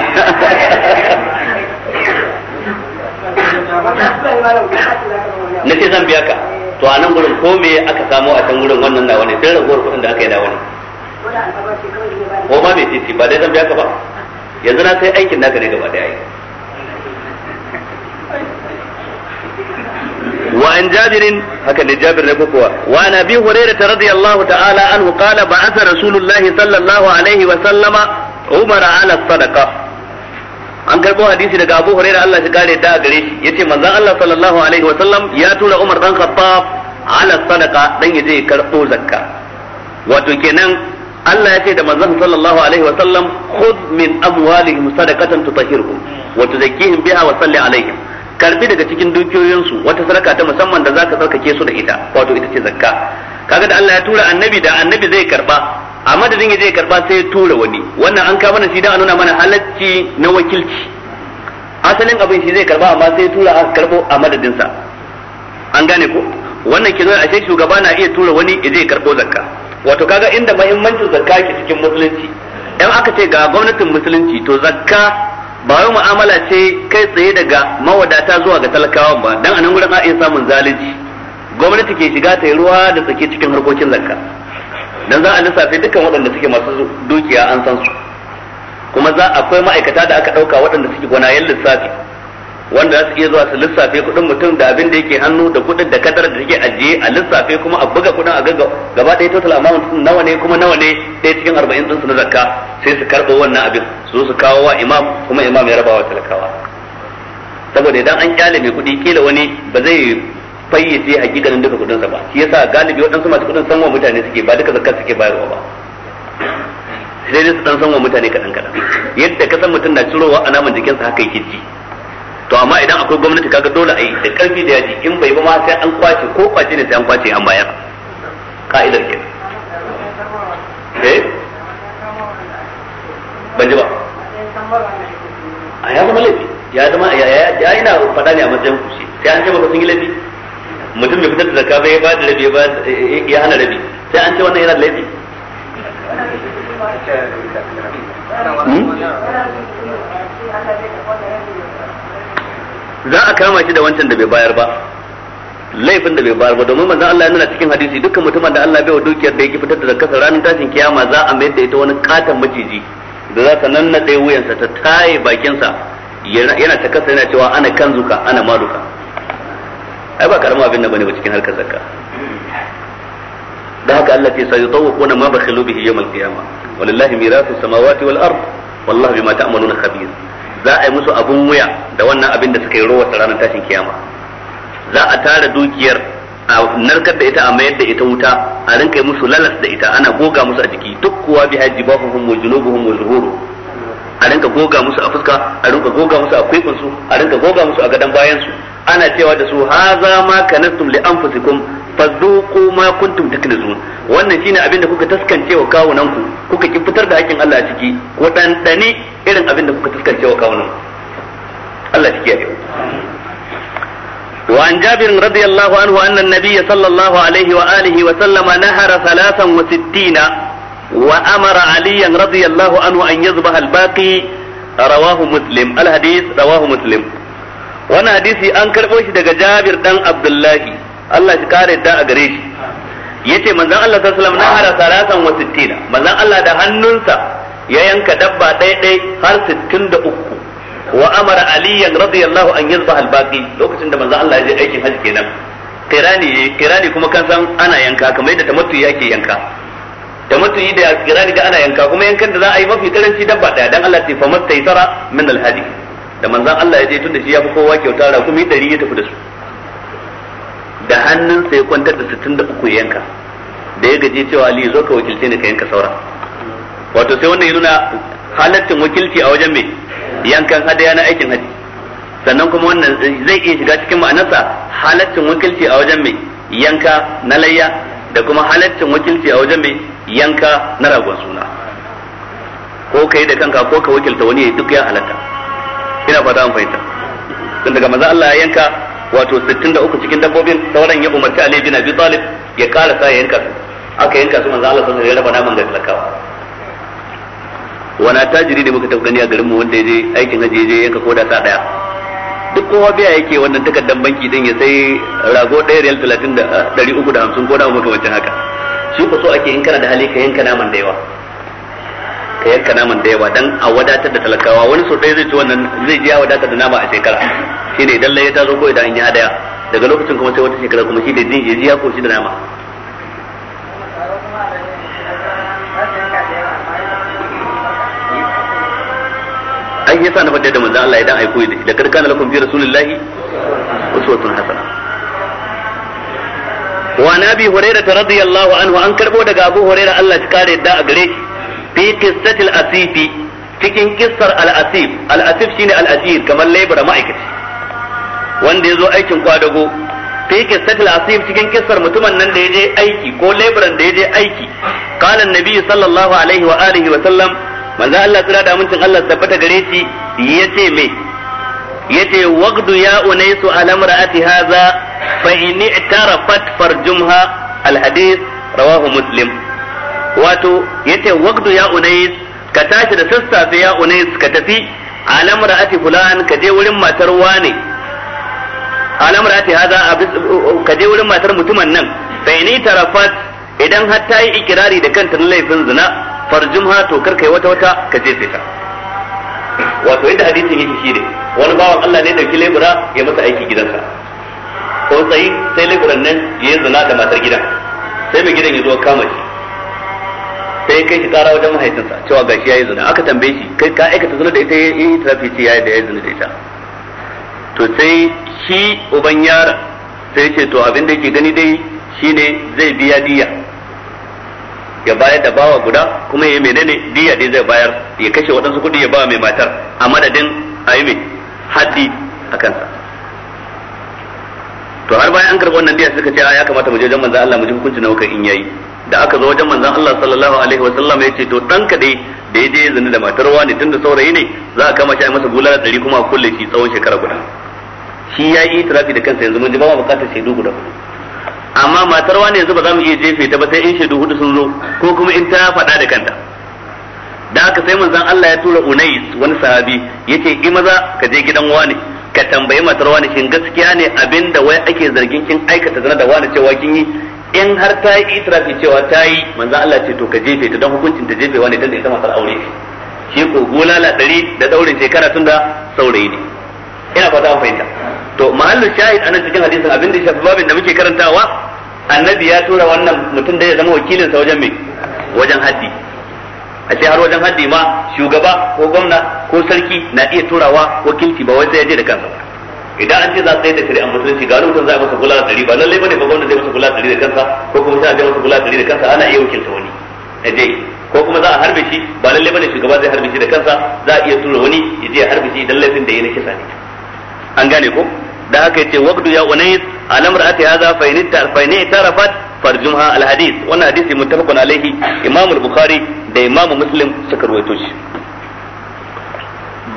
na ce zan biya ka to a nan gurin ko me aka samo a can gurin wannan nawa wani sai ragowar kuɗin da aka yi nawa wani ko ma mai titi ba dai zan biya ka ba yanzu na sai aikin naka ne gaba daya wa an jabirin haka ne jabir ne kokowa wa an abi hurairah radiyallahu ta'ala anhu qala ba'atha rasulullah sallallahu alaihi wa sallama umara ala sadaqa an karbo hadisi daga abu hurairah Allah ya kare da gare shi yace manzon Allah sallallahu alaihi wa sallam ya tura umar dan khattab ala sadaqa dan yaje karbo zakka wato kenan Allah ya ce da manzon sallallahu alaihi wa sallam khudh min amwalihim sadaqatan tutahhiruhum wa tuzakkihim biha wa salli alaihim karbi daga cikin dukiyoyinsu wata sadaka ta musamman da zaka sarkake su da ita wato ita ce zakka kaga da Allah ya tura annabi da annabi zai karba a madadin ya zai karba sai ya tura wani wannan an ka mana shi dan nuna mana halacci na wakilci asalin abin shi zai karba amma sai ya tura aka karbo a madadin sa an gane ko wannan ke nuna ashe shugaba na iya tura wani ya zai karbo zakka wato kaga inda muhimmancin zakka ke cikin musulunci 'yan aka ce ga gwamnatin musulunci to zakka ba wai mu'amala ce kai tsaye daga mawadata zuwa ga talakawan ba dan anan gurin a iya samun zalunci gwamnati ke shiga ta yi ruwa da tsaki cikin harkokin zakka dan za a lissafe dukkan waɗanda suke masu dukiya an san su kuma za akwai ma'aikata da aka ɗauka waɗanda suke gwanayen lissafi wanda za su iya zuwa su lissafe kuɗin mutum da abin da yake hannu da kuɗin da kadar da take ajiye a lissafe kuma a buga kuɗin a gaga gaba ɗaya total amount din nawa ne kuma nawa ne ɗaya cikin arba'in ɗinsu su na zakka sai su karɓo wannan abin su su kawo wa imam kuma imam ya rabawa talakawa saboda idan an kyale mai kuɗi kila wani ba zai fayyace hakikanin duka kuɗinsa ba shi yasa galibi waɗansu masu kuɗin sanwa mutane suke ba duka zakka suke bayarwa ba sai dai su ɗan sanwa mutane kaɗan kaɗan yadda ka san mutum na cirowa a naman jikinsa haka yake ji to amma idan akwai gwamnati kaga dole a yi da karfi da yaji in bai ba ma sai an kwace ko kwace ne sai an kwace an bayar ka'idar ke eh ban ji ba a ya zama laifi ya zama ya ina fada ne a matsayin kushe sai an ce ba sun yi laifi mutum bai fitar da zakka bai ba da rabi ba ya hana rabi sai an ce wannan yana laifi Hmm? za a kama shi da wancan da bai bayar ba laifin da bai bayar ba domin manzon Allah ya nuna cikin hadisi dukkan mutumin da Allah bai wa dukiyar da yake fitar da zakka ranar tashin kiyama za a mayar da ita wani katon maciji da za ta nannade wuyansa ta taye bakinsa yana ta kasa yana cewa ana kanzuka ana maluka ai ba karamin abin da bane ba cikin harkar zakka da haka Allah ce sai yutawquna ma bakhilu bihi yawm al-qiyamah walillahi mirasu samawati wal ard wallahu bima ta'maluna khabir za a yi musu abin wuya da wannan abin da suka yi rowa ranar tashin kiyama za a tara dukiyar a narkar da ita a mayar da ita wuta a rinka musu lalas da ita ana goga musu a jiki duk kuwa bi haji ba hukum wa junubuhum wa zuhuru a rinka goga musu a fuska a rinka goga musu a kwaikwansu a rinka goga musu a gadan bayansu ana cewa da su haza ma kanastum li anfusikum fazuqu ma kuntum taknizun wannan shine abin da kuka taskance wa kawunan ku kuka ki fitar da hakkin Allah a ciki ko dan dane irin abin da kuka taskance wa kawunan Allah ciki ya yi وعن جابر رضي الله عنه أن النبي صلى الله عليه وآله وسلم نهر ثلاثا وستين وأمر عليا رضي الله عنه أن يذبح الباقي رواه مسلم الحديث رواه مسلم وانا حديثي أنكر وش جابر دان عبد الله Allah shi kare da a gare shi yace manzon Allah sallallahu alaihi wasallam nahara salasan wa sittina manzon Allah da hannunsa ya yanka dabba ɗaya ɗaiɗai har sittin da uku wa amara aliyan radiyallahu an yazbaha al lokacin da manzon Allah ya je aikin hajji kenan kirani kirani kuma kan san ana yanka kamar yadda tamattu yake yanka tamattu da kirani da ana yanka kuma yankan da za a yi mafi karanci dabba daya dan Allah ya fa mastaysara min al da manzon Allah ya je tunda shi ya fi kowa kyauta ra kuma 100 ya tafi da su da hannunsa ya kwantar da sittin uku yanka da ya gaji cewa Ali zo ka wakilce ni ka yanka saura wato sai wannan ya nuna halattin wakilci a wajen mai yankan hadaya na aikin haji sannan kuma wannan zai iya shiga cikin ma'anarsa halattin wakilci a wajen mai yanka na layya da kuma halattin wakilci a wajen mai yanka na ragon suna ko ka yi da kanka ko ka wakilta wani ya duk ya halatta ina fata an fahimta tun daga maza Allah ya yanka wato 63 cikin dabbobin sauran ya umarci Ali bin Abi Talib ya kara ya yanka su aka yanka su manzo Allah sun alaihi ya raba naman ga talakawa wana tajiri ne muka tafi gani a garin mu wanda yaje aikin haji yaje yanka koda sa daya duk kowa biya yake wannan takardar banki din ya sai rago 1 riyal 30 da 350 koda wancan haka shi ko so ake in kana da hali ka yanka naman da yawa ka yanka naman da yawa dan a wadatar da talakawa wani so dai zai ci wannan zai ji ya wadatar da nama a shekara shine idan ya ta zo ko idan an yi hadaya daga lokacin kuma sai wata shekara kuma shi da jin ya ji ya koshi da nama ai yasa na fadda da manzo Allah idan ai koyi da shi da karkana lakum bi rasulullahi uswatun hasana wa nabi hurairah radiyallahu anhu an karbo daga abu hurairah Allah ya kare da a gare shi fi qissatil asif cikin kissar al-asif al-asif shine al-ajir kamar labor ma'aikaci wanda yazo aikin kwadago fi qissatil asif cikin kissar mutumin nan da yaje aiki ko laibaran da yaje aiki qala nabi sallallahu alaihi wa alihi wa sallam manzo Allah tsira da mutun Allah tabbata gare shi yace me yace waqdu ya unaisu ala mar'ati hadha fa in i'tarafat farjumha al hadith rawahu muslim wato yace "Wagdu ya unais ka tashi da sassafe ya unais ka tafi alam ra'ati fulan ka je wurin matar wane alam ra'ati hada ka je wurin matar mutumin nan fa tarafat idan har ta yi ikirari da kanta na laifin zina farjumha to kar kai wata wata ka je ta wato yadda hadisin yake shi ne wani bawan Allah ne dauki lebura ya masa aiki gidansa ko sai sai leburan nan ya yi zina da matar gidan sai mai gidan ya zo kama shi sai kai shi kara wajen mahaifinsa cewa ya yayi zina aka tambaye shi kai ka aikata zina da ita yi tafi ce yayi da yayi zina da ita to sai shi uban yaron sai ce to abin da yake gani dai shine zai biya diya ya bayar da bawa guda kuma ya menene diya dai zai bayar ya kashe waɗansu kuɗi ya ba mai matar a madadin a yi mai haddi a kansa to har bayan an karɓi wannan diya suka ce a ya kamata mu je wajen manzan Allah mu ji hukuncin nawa in yayi da aka zo wajen manzon Allah sallallahu alaihi wa sallam ya ce to dan dai da ya je ya zina da matar wani tunda saurayi ne za a kama shi a masa da ɗari kuma a kulle shi tsawon shekara guda shi ya yi tirafi da kansa yanzu mun ji ba ma bukatar shaidu guda hudu amma matar wani yanzu ba za mu iya jefe ta ba sai in shaidu hudu sun zo ko kuma in ta faɗa da kanta da aka sai manzon Allah ya tura Unais wani sahabi yace ki maza ka je gidan wani ka tambayi matar wani shin gaskiya ne abinda wai ake zargin kin aikata zina da wani cewa kin yi in har ta yi itirafi cewa ta yi manzo Allah ce to ka jefe ta don hukuncin ta wa ne dan ita masar aure shi ko la ɗari da daurin shekara tunda saurayi ne ina fata an fahimta to mahallu shahid anan cikin hadisin abin da shafi babin da muke karantawa annabi ya tura wannan mutum da ya zama wakilinsa wajen me wajen haddi a ce har wajen haddi ma shugaba ko gwamna ko sarki na iya turawa wakilci ba wai sai ya je da kansa ba idan an ce za a tsaye da shari'ar musulunci ga mutum za a masa kula dari ba lallai bane ba gwamna zai masa kula dari da kansa ko kuma sai a je masa kula dari da kansa ana iya wakilta wani na je ko kuma za a harbe shi ba lallai bane shugaba zai harbe shi da kansa za a iya tura wani ya je ya harbe shi idan laifin da ya na kisa ne an gane ko da haka yace waqdu ya unais alam ra'ati hadha fa in fa in tarafat farjumha al hadith wannan hadisi muttafaqun alaihi imam al bukhari da imam muslim suka rawaito shi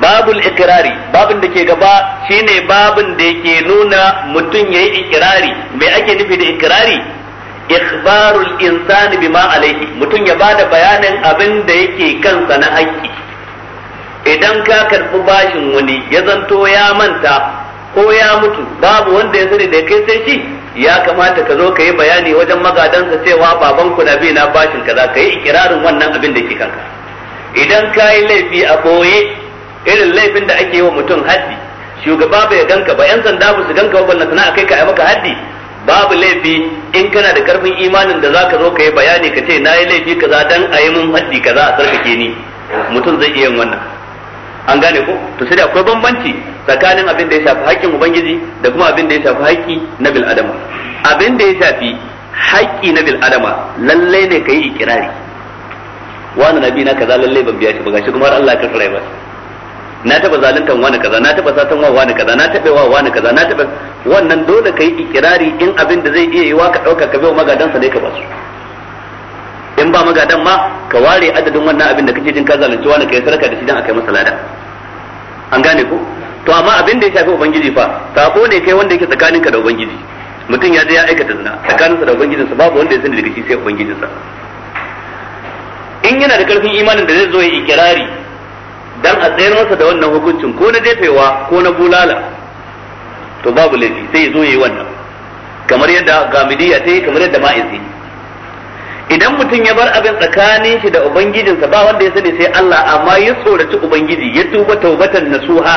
babul ikirari babin da ke gaba shine babin da ke nuna mutum yayi ikirari me ake nufi da ikirari ikhbarul insani bima alaihi mutum ya bada bayanin abin da yake kansa na haƙƙi idan ka karɓi bashin wani ya zanto ya manta ko ya mutu babu wanda ya sani da kai sai shi ya kamata ka zo ka yi bayani wajen magadansa cewa baban ku na bina bashin kaza ka yi ikirarin wannan abin da ke kanka idan ka yi laifi a ɓoye. irin laifin da ake yi wa mutum haddi shugaba bai ganka ba yan sanda ba su ganka ba ballan sana akai ka yi maka haddi babu laifi in kana da karfin imanin da zaka zo ka yi bayani ka ce nayi laifi kaza dan a yi mun haddi kaza a sarkake ni mutum zai iya yin wannan an gane ko to sai akwai bambanci tsakanin abin da ya shafi haƙƙin ubangiji da kuma abin da ya shafi haƙƙi na bil adama abin da ya shafi haƙƙi na bil adama lalle ne ka yi ikirari wani nabi na kaza lalle ban biya shi ba gashi kuma har Allah ya karɓa ba na taba zaluntan wani kaza na taba satan wa wani kaza na taba wa wani kaza na taba wannan dole kai ikirari in abin da zai iya yiwa ka dauka ka biyo magadan sa ne ka basu in ba magadan ma ka ware adadin wannan abin da kake jin ka zalunci wani kai sarka da shi dan akai masa lada an gane ku? to amma abin da ya shafi ubangiji fa sako ne kai wanda yake tsakaninka da ubangiji mutum ya je ya aikata zina tsakaninsa da sa, babu wanda ya sani daga shi sai sa. in yana da karfin imanin da zai zo ya ikirari dan a tsayar masa da wannan hukuncin ko na jefewa ko na bulala to babu laifi sai ya zo yayi wannan kamar yadda gamidiya ta yi kamar yadda ma'izi idan mutum ya bar abin tsakanin shi da ubangijinsa ba wanda ya sani sai Allah amma ya tsoraci ubangiji ya tuba taubatan nasuha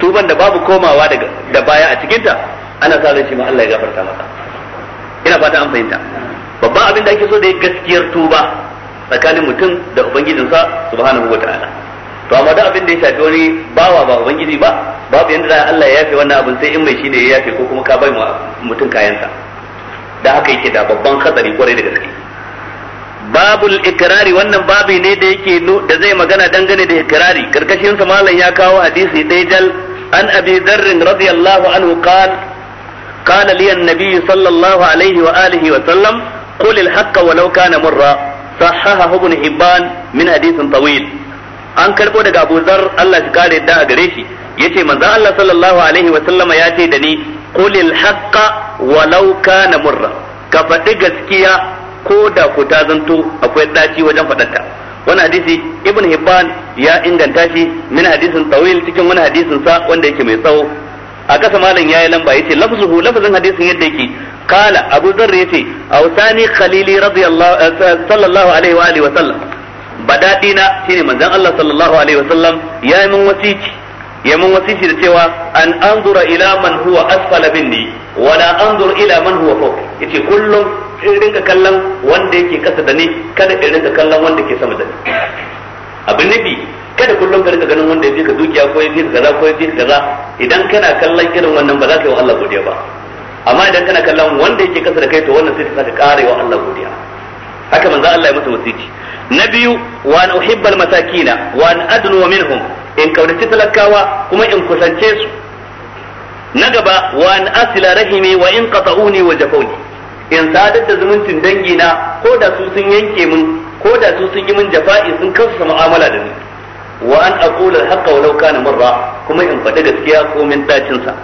tuban da babu komawa da baya a cikinta ana sa ran shi ma Allah ya gafarta masa ina fata an fahimta babban abin da ake so da gaskiyar tuba tsakanin mutum da ubangijinsa subhanahu wataala to amma da abin da ya shafi wani bawa ba ubangiji ba babu yanda za Allah ya yafe wannan abin sai in mai shine ya yafe ko kuma ka bai mutum kayansa da haka yake da babban hatsari kwarai da gaske babul ikrari wannan babi ne da yake da zai magana dangane da ikrari karkashin sa mallan ya kawo hadisi dai dal an abi dharr radiyallahu anhu qala قال لي النبي صلى الله عليه وآله وسلم قل الحق ولو كان مرا صححه ابن حبان من حديث طويل an karbo daga Abu Zar Allah shi kare yadda a gare shi yace manzon Allah sallallahu alaihi wa sallama ya ce da ni qulil haqqa walau na murra ka faɗi gaskiya ko da ku ta zanto akwai ɗaci wajen faɗata. Wani hadisi ibn hibban ya inganta shi min hadisin tawil cikin wani hadisin sa wanda yake mai tsawo a kasa malam yayi lamba yace lafzuhu lafzin hadisin yadda yake kala abu dharr yace awsani khalili radiyallahu eh, sallallahu alaihi wa wa sallam na shine manzon Allah sallallahu alaihi wasallam ya yi min wasici ya min wasici da cewa an anzura ila man huwa asfala minni wa la anzur ila man huwa fawq yace kullum in rinka kallon wanda yake kasa da ni kada in rinka kallon wanda ke sama da ni abin nabi kada kullum ka rinka ganin wanda ya ka dukiya ko ya fi kaza ko ya fi kaza idan kana kallon irin wannan ba za ka yi wa Allah godiya ba amma idan kana kallon wanda yake kasa da kai to wannan sai ta saka karewa Allah godiya haka manzo Allah ya mutu wasiki na biyu wa an uhibbal masakina wa an adnu minhum in kaunaci talakawa kuma in kusance su na gaba wa an asila rahimi wa in qata'uni wa jafawni in sadar da zumuncin dangi na ko da su sun yanke min ko da su sun yi min jafa'i sun kausa mu'amala da ni wa an aqula al-haqqa walau kana marra kuma in faɗi gaskiya ko min tacin sa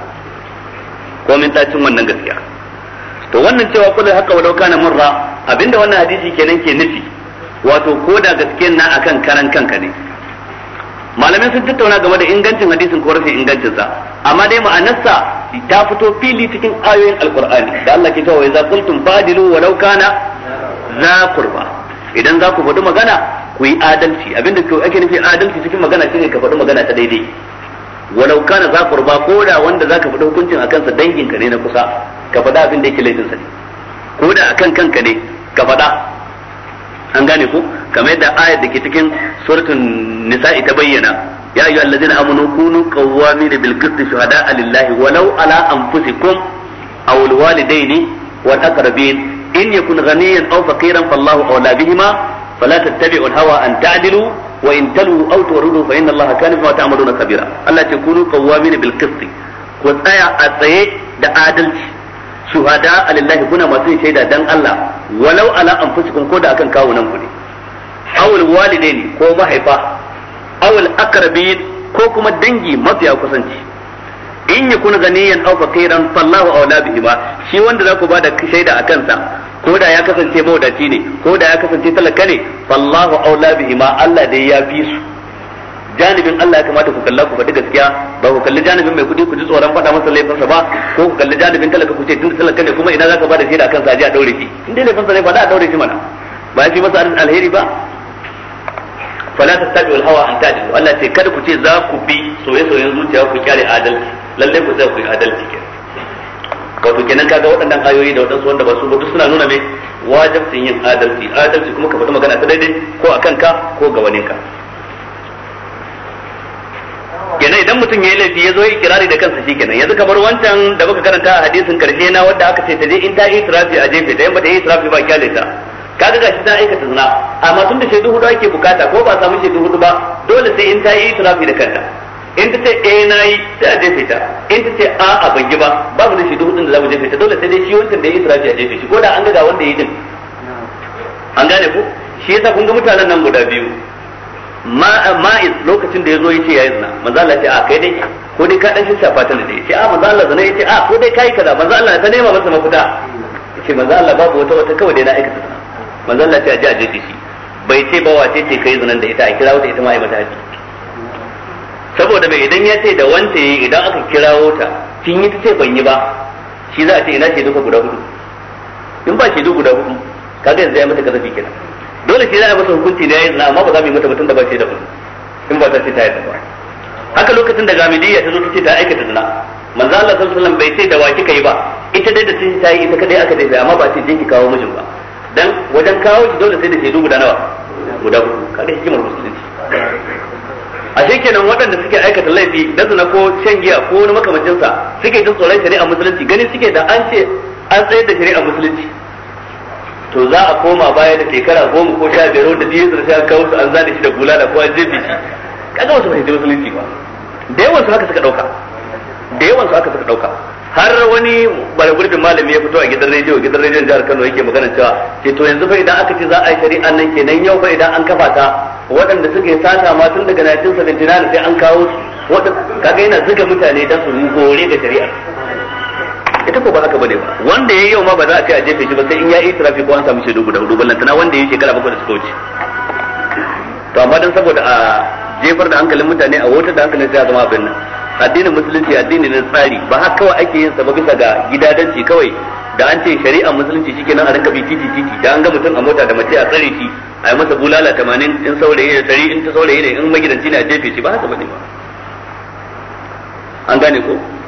ko min tacin wannan gaskiya to wannan cewa kullu haqqa walau kana marra abinda wannan hadisi kenan ke nufi wato ko da gaske na akan karan kanka ne malamai sun tattauna game da ingancin hadisin ko rashin ingancinsa amma dai ma'anarsa ta fito fili cikin ayoyin alqur'ani da Allah ke cewa idza qultum fadilu walau kana za qurba idan za ku faɗi magana ku yi adalci abinda ke ake nufi adalci cikin magana shine ka faɗi magana ta daidai walau kana za qurba ko da wanda za ka faɗi hukuncin akan sa danginka ne na kusa ka faɗi abin da yake laifin sa ko da akan kanka ne ka faɗa an gane ku ayar da ke cikin suratun nisa'i ta bayyana ya yi allazina amanu kunu qawwami da bilqisti shuhada alillahi walau ala anfusikum aw alwalidaini wal aqrabin in yakun ghaniyan aw faqiran fallahu awla bihima fala tattabi'u alhawa an ta'dilu wa in talu aw turidu fa inna allaha kana bima ta'maluna khabira allah ce kunu qawwami da bilqisti ku tsaya a tsaye da adalci shuhada alillahi kuna masu shaida dan Allah walau ala anfusikum ko da akan kawunan nan ku ne awul walidaini ko mahaifa awul aqrabin ko kuma dangi mafiya kusanci in yakun ganiyan aw faqiran sallahu awla bihi ba shi wanda za ku ba shaida a kansa ko da ya kasance mawdaci ne ko da ya kasance talaka ne sallahu awla bihi ma Allah dai ya fi su janibin Allah ya kamata ku kalla ku faɗi gaskiya ba ku kalli janibin mai kuɗi ku ji tsoron faɗa masa laifinsa ba ko ku kalli janibin talaka ku ce tun talaka ne kuma ina zaka ba da shaida akan sa a a daure shi in dai laifinsa ne faɗa a daure shi mana ba ya fi masa alheri ba fala tattabi al hawa an tadilu Allah ce kada ku ce za ku bi soyayyen zuciya ku kyale adalci lalle ku tsaya ku yi adalci kenan wato kenan kaga waɗannan ayoyi da waɗansu wanda ba su ba duk suna nuna mai wajibcin yin adalci adalci kuma ka faɗi magana ta daidai ko a kanka ko ga wani ka kenan idan mutum ya yi laifi ya zo ya kirari da kansa shi kenan yanzu kamar wancan da muka karanta a hadisin karshe na wanda aka ce ta je in ta yi tirafi a jefe da yan ta yi tirafi ba kyale ta kaga gashi ta aikata zina amma tun da shaidu hudu ake bukata ko ba samu shaidu hudu ba dole sai in ta yi tirafi da kanta in ta ce a eh, na yi ta a jefe ta in ta ce a a ban ba ba mu da shaidu hudun da za mu jefe ta dole sai dai shi wancan da ya yi tirafi a jefe shi ko da an ga wanda ya yi din an gane ku shi yasa kun ga mutanen nan guda biyu ma'iz lokacin da ya zo ya ce ya yi zina manzo Allah ya ce a kai dai ko dai ka dan shafa ta ne ce a manzo Allah zina ya ce a ko dai kai kaza manzo Allah ta nema masa mafita ce manzo Allah babu wata wata kawai dai na aikata zina manzo Allah ya ce a je shi bai ce ba wace ce kai zinan da ita a kira wata ita ma ai mata haji saboda mai idan ya ce da wanda yi idan aka kirawo ta kin yi ta ce ban yi ba shi za a ce ina ce duka guda hudu in ba ce duka guda hudu kaga yanzu ya mata kaza kenan dole shi za a masa hukunci da yayin zina amma ba za mu yi mata batun da ba shi da mu in ba ta ce ta yi ba haka lokacin da gamidiyya ta zo ta ce ta aikata zina manzo Allah sallallahu alaihi wasallam bai ce da wa kika yi ba ita dai da ce ta yi ita kadai aka dai amma ba ce je ki kawo mijin ba dan wajen kawo shi dole sai da shaidu guda nawa guda uku kaga hikimar musulunci ashe kenan waɗanda suke aikata laifi na zina ko shan giya ko wani makamancinsa sa suke jin tsoron shari'a musulunci gani suke da an ce an tsayar da shari'a musulunci to za a koma baya da shekara goma ko sha biyar wanda ɗiyar sai an kawo su an zane shi da bulala ko zai jefe shi kaga wasu fahimci musulunci ba da yawan su haka suka ɗauka da yawan su haka suka dauka har wani bargurbin malami ya fito a gidan rediyo gidan rediyon jihar Kano yake magana cewa ce to yanzu fa idan aka ce za a yi shari'a nan kenan yau fa idan an kafa ta waɗanda suka yi sata ma tun daga 1979 sai an kawo su kaga yana zuga mutane dan su gore da shari'a ita ko ba haka bane ba wanda yayi yau ma ba za a ce a jefe shi ba sai in ya yi tirafi ko an samu shaidu guda hudu ballantana wanda yayi shekara bakwai da suka wuce to amma dan saboda a jefar da hankalin mutane a wutar da hankalin sai a zama abin nan addinin musulunci addini ne tsari ba haka kawai ake yin sa ba bisa ga gidadanci kawai da an ce shari'a musulunci shikenan a rinka bi titi titi da an ga mutum a mota da mace a tsare shi a yi masa bulala tamanin in saurayi da tsari in ta saurayi ne in magidanci ne a jefe shi ba haka bane ba an gane ko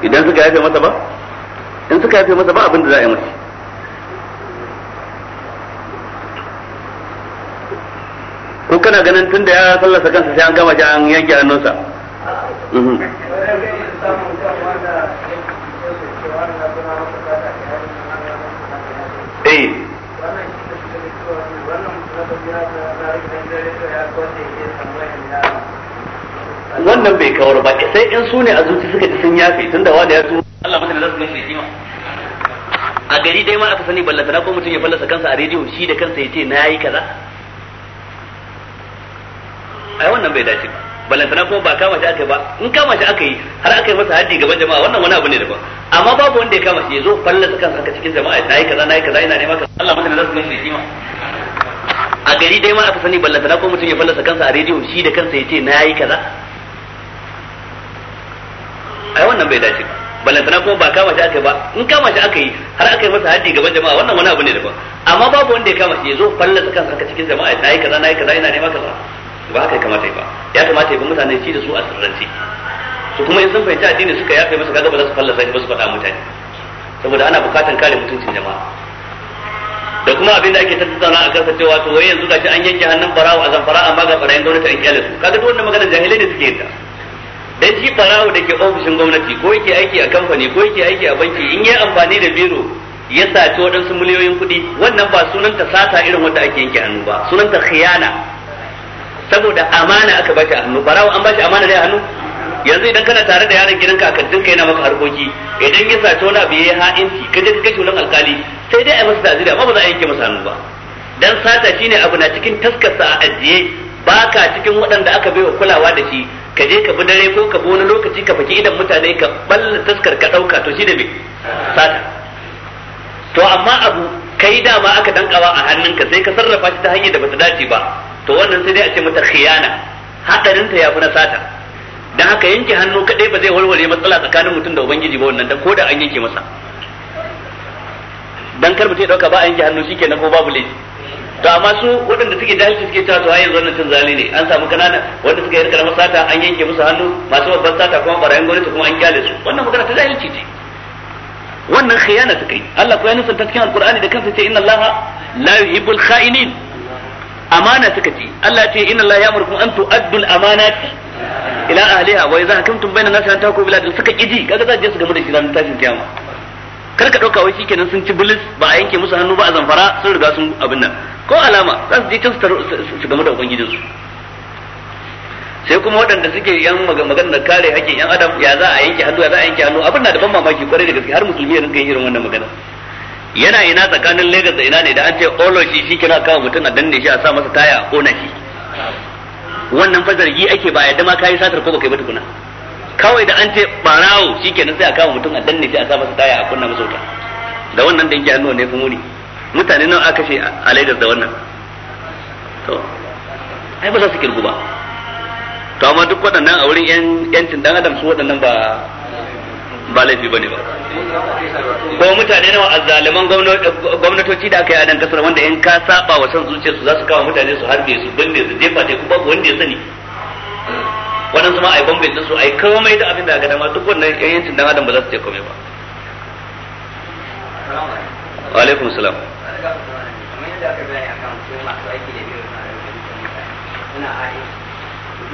idan suka yafe masa ba in suka yafe masa ba abin da za a yi masa ko kana ganin tun da ya sallasa kansa sai an gama shi an yanke hannunsa eh wannan bai kawar ba sai in su ne a zuci suka ji sun yafe da wani ya zo Allah mutane za su mishi kima a gari dai ma aka sani ballata ko mutum ya fallasa kansa a rediyo shi da kansa ya ce na yi kaza ai wannan bai dace ba na kuma ba kama shi aka yi ba in kama shi aka yi har aka yi masa haddi gaban jama'a wannan wani abu ne daban amma babu wanda ya kama shi ya zo fallasa kansa aka cikin jama'a na yi kaza na yi kaza ina nema kaza Allah mutane za su mishi kima a gari dai ma aka sani ballantana ko mutum ya fallasa kansa a rediyo shi da kansa ya ce na yi kaza wannan bai dace ba balantana kuma ba kama shi aka ba in kama shi aka yi har aka yi masa haddi gaban jama'a wannan wani abu ne daban amma babu wanda ya kama shi ya zo fallasa kansa aka cikin jama'a na yi kaza na yi kaza ina nema kaza ba haka ya kamata ya ba ya kamata ya bi mutane shi da su a sirrance su kuma in sun fahimci addini suka yafe masa kaga ba za su fallasa shi ba su faɗa mutane saboda ana bukatan kare mutuncin jama'a da kuma abin da ake tattauna a kansa cewa to wai yanzu gashi an yanke hannun barawa a zamfara amma ga barayin gwamnati an kyale su kaga duk wannan magana jahilai ne suke yin ta dan shi farawo da ke ofishin gwamnati ko yake aiki a kamfani ko yake aiki a banki in yi amfani da biro ya saci waɗansu miliyoyin kuɗi wannan ba sunanta sata irin wanda ake yanke hannu ba sunanta khiyana saboda amana aka bashi a hannu farawo an shi amana da hannu yanzu idan kana tare da yaron gidanka a kantin kai na maka harkoki idan ya saci wani abu ya ha'inci ka je ka kashe wani alkali sai dai a masa tazira ba ba za a yanke masa hannu ba dan sata shine abu na cikin taskarsa a ajiye baka cikin waɗanda aka baiwa kulawa da shi ka je ka bi dare ko ka bi wani lokaci ka faki idan mutane ka balla taskar ka dauka to shi da me sata to amma abu kai dama aka dankawa a hannunka sai ka sarrafa shi ta hanyar da bata dace ba to wannan sai dai a ce mata khiyana hadarin ta yafi na sata dan haka yanke hannu kadai ba zai warware matsala tsakanin mutum da ubangiji ba wannan dan koda an yanke masa dan kar mutum ya dauka ba a yanke hannu shikenan ko babu laifi to amma su waɗanda suke jahilci suke cewa to ai yanzu wannan cin zali ne an samu kanana wanda suka yi karamar sata an yanke musu hannu masu babban sata kuma barayin gwamnati kuma an kyale su wannan magana ta jahilci ce wannan khiyana ta kai Allah ko ya ta cikin alqur'ani da kansa ce inna allaha la yuhibbul kha'inin amana suka ce Allah ce inna allaha ya'murukum an tu'addu al-amanati ila ahliha wa idha hakamtum bayna an-nasi an taqu bil adl suka kiji kaga za su je su gamu da shi ran tashin kiyama kar ka dauka wai shikenan sun ci bilis ba a yanke musu hannu ba a zamfara sun riga sun abin nan ko alama za su je can su game da ubangijin su sai kuma waɗanda suke yan magana kare hakkin yan adam ya za a yanke hannu ya za a yanke hannu abin na da ban mamaki kwarai da gaske har musulmi ya rinka yin irin wannan magana yana ina tsakanin Legas da ina ne da an ce oloshi shi kina kawo mutum a danne shi a sa masa taya a na shi wannan fa zargi ake ba yadda ma kai satar ko ba kai ba tukuna kawai da an ce barawo shikenan sai a kama mutum a danne shi a sa masa taya a kunna masa wuta da wannan da yake hannuwa ne fi muni mutane nan aka ce a laidar da wannan to ai ba za su kirgu ba to amma duk waɗannan a wurin yancin dan adam su waɗannan ba ba laifi bane ba ko mutane nawa azzaliman gwamnatoci da aka yi adan kasar wanda in ka saba wa san zuciyarsu za su kawo mutane su harbe su binne su jefa teku ba wanda ya sani waɗansu ma a yi bambin su a yi komai da abin da ga dama duk wannan yancin dan adam ba za su je komai ba wa alaikum salam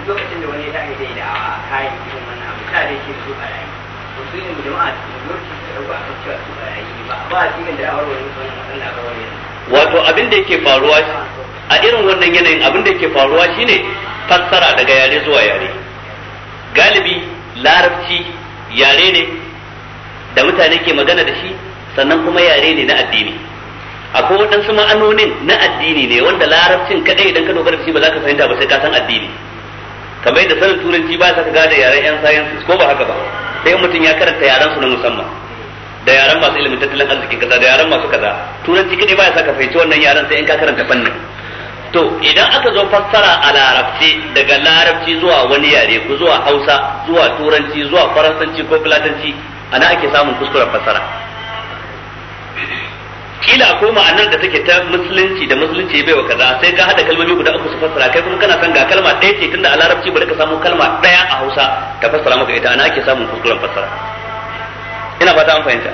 lokacin da wani ya dai da kayan irin wannan abu ta dai ke su a rayu wasu yin jama'a su da rabu a kan cewa su a rayu ba ba a cikin da ya warware musu wannan matsala ba wani wato abin da yake faruwa a irin wannan yanayin abin da yake faruwa shine fassara daga yare zuwa yare galibi larabci yare ne da mutane ke magana da shi sannan kuma yare ne na addini akwai waɗansu ma'anonin na addini ne wanda larabcin kadai idan ka dogara da shi ba za ka fahimta ba sai ka san addini kamar yadda sanin turanci ba za ka gane yaren yan sayansu ko ba haka ba sai mutum ya karanta yaren su na musamman da yaren masu ilimin tattalin arzikin kaza da yaren masu kaza turanci kadai ba ya sa ka fahimci wannan yaren sai in ka karanta fannin to idan aka zo fassara a larabci daga larabci zuwa wani yare ku zuwa hausa zuwa turanci zuwa faransanci ko filatanci ana ake samun kuskuren fassara kila ko ma'anar da take ta musulunci da musulunci bai wa kaza sai ka hada kalmomi guda uku su fassara kai kuma kana son ga kalma ɗaya ce tunda a larabci bari ka samu kalma ɗaya a hausa ta fassara maka ita ana ake samun kuskuren fassara ina fata an fahimta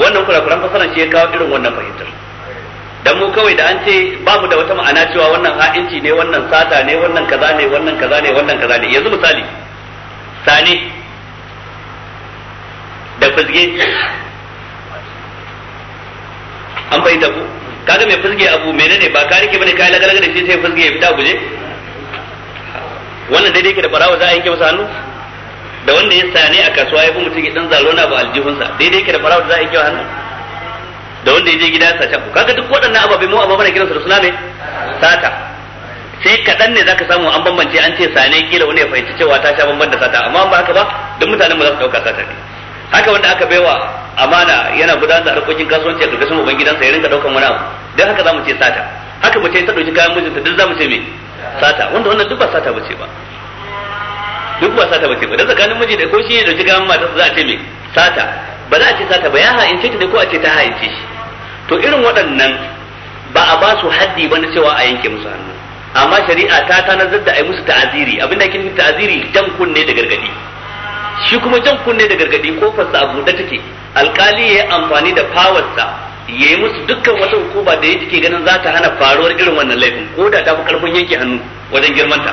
wannan kurakuran fassara shi ya kawo irin wannan fahimtar dan mu kawai da an ce babu da wata ma'ana cewa wannan ha'inci ne wannan sata ne wannan kaza ne wannan kaza ne wannan kaza ne yanzu misali sani da fizge an bai da ku kaga mai fizge abu menene ba ka rike bane kai lagalaga da shi sai fizge ya fita guje wannan daidai ke da barawa za a yanke masa hannu da wanda ya sane a kasuwa ya fi mutum ya dan zaro na ba aljihunsa daidai ke da barawa za a yanke hannu da wanda ya je gida ya sace ku kaga duk waɗannan ababe mu amma kiran su da suna ne sata sai kaɗan ne zaka samu an bambance an ce sane kila wani ya fahimci cewa ta sha bamban da sata amma ba haka ba duk mutanen mu za su ɗauka sata ne haka wanda aka baiwa amana yana gudanar da harkokin kasuwanci a ƙarƙashin gidansa ya rinka ɗaukan wani abu don haka za mu ce sata haka mace ta ɗauki kayan mijinta duk za mu ce me sata wanda wannan duk ba sata bace ba duk ba sata bace ba dan tsakanin miji da ko shi ya dauki gaban matarsa za a ce me sata ba za a ce sata ba ya ha'ince ta ne ko a ce ta ha'ince shi to irin waɗannan ba a ba su haddi ba na cewa a yanke musu hannu amma shari'a ta tanazar da a yi musu ta'aziri abin da ake nufi ta'aziri jan kunne da gargadi shi kuma jan kunne da gargadi kofarsa a buɗe take alkali ya yi amfani da fawarsa ya yi musu dukkan wata hukuma da ya take ganin za ta hana faruwar irin wannan laifin ko da ta fi karfin yanke hannu wajen girmanta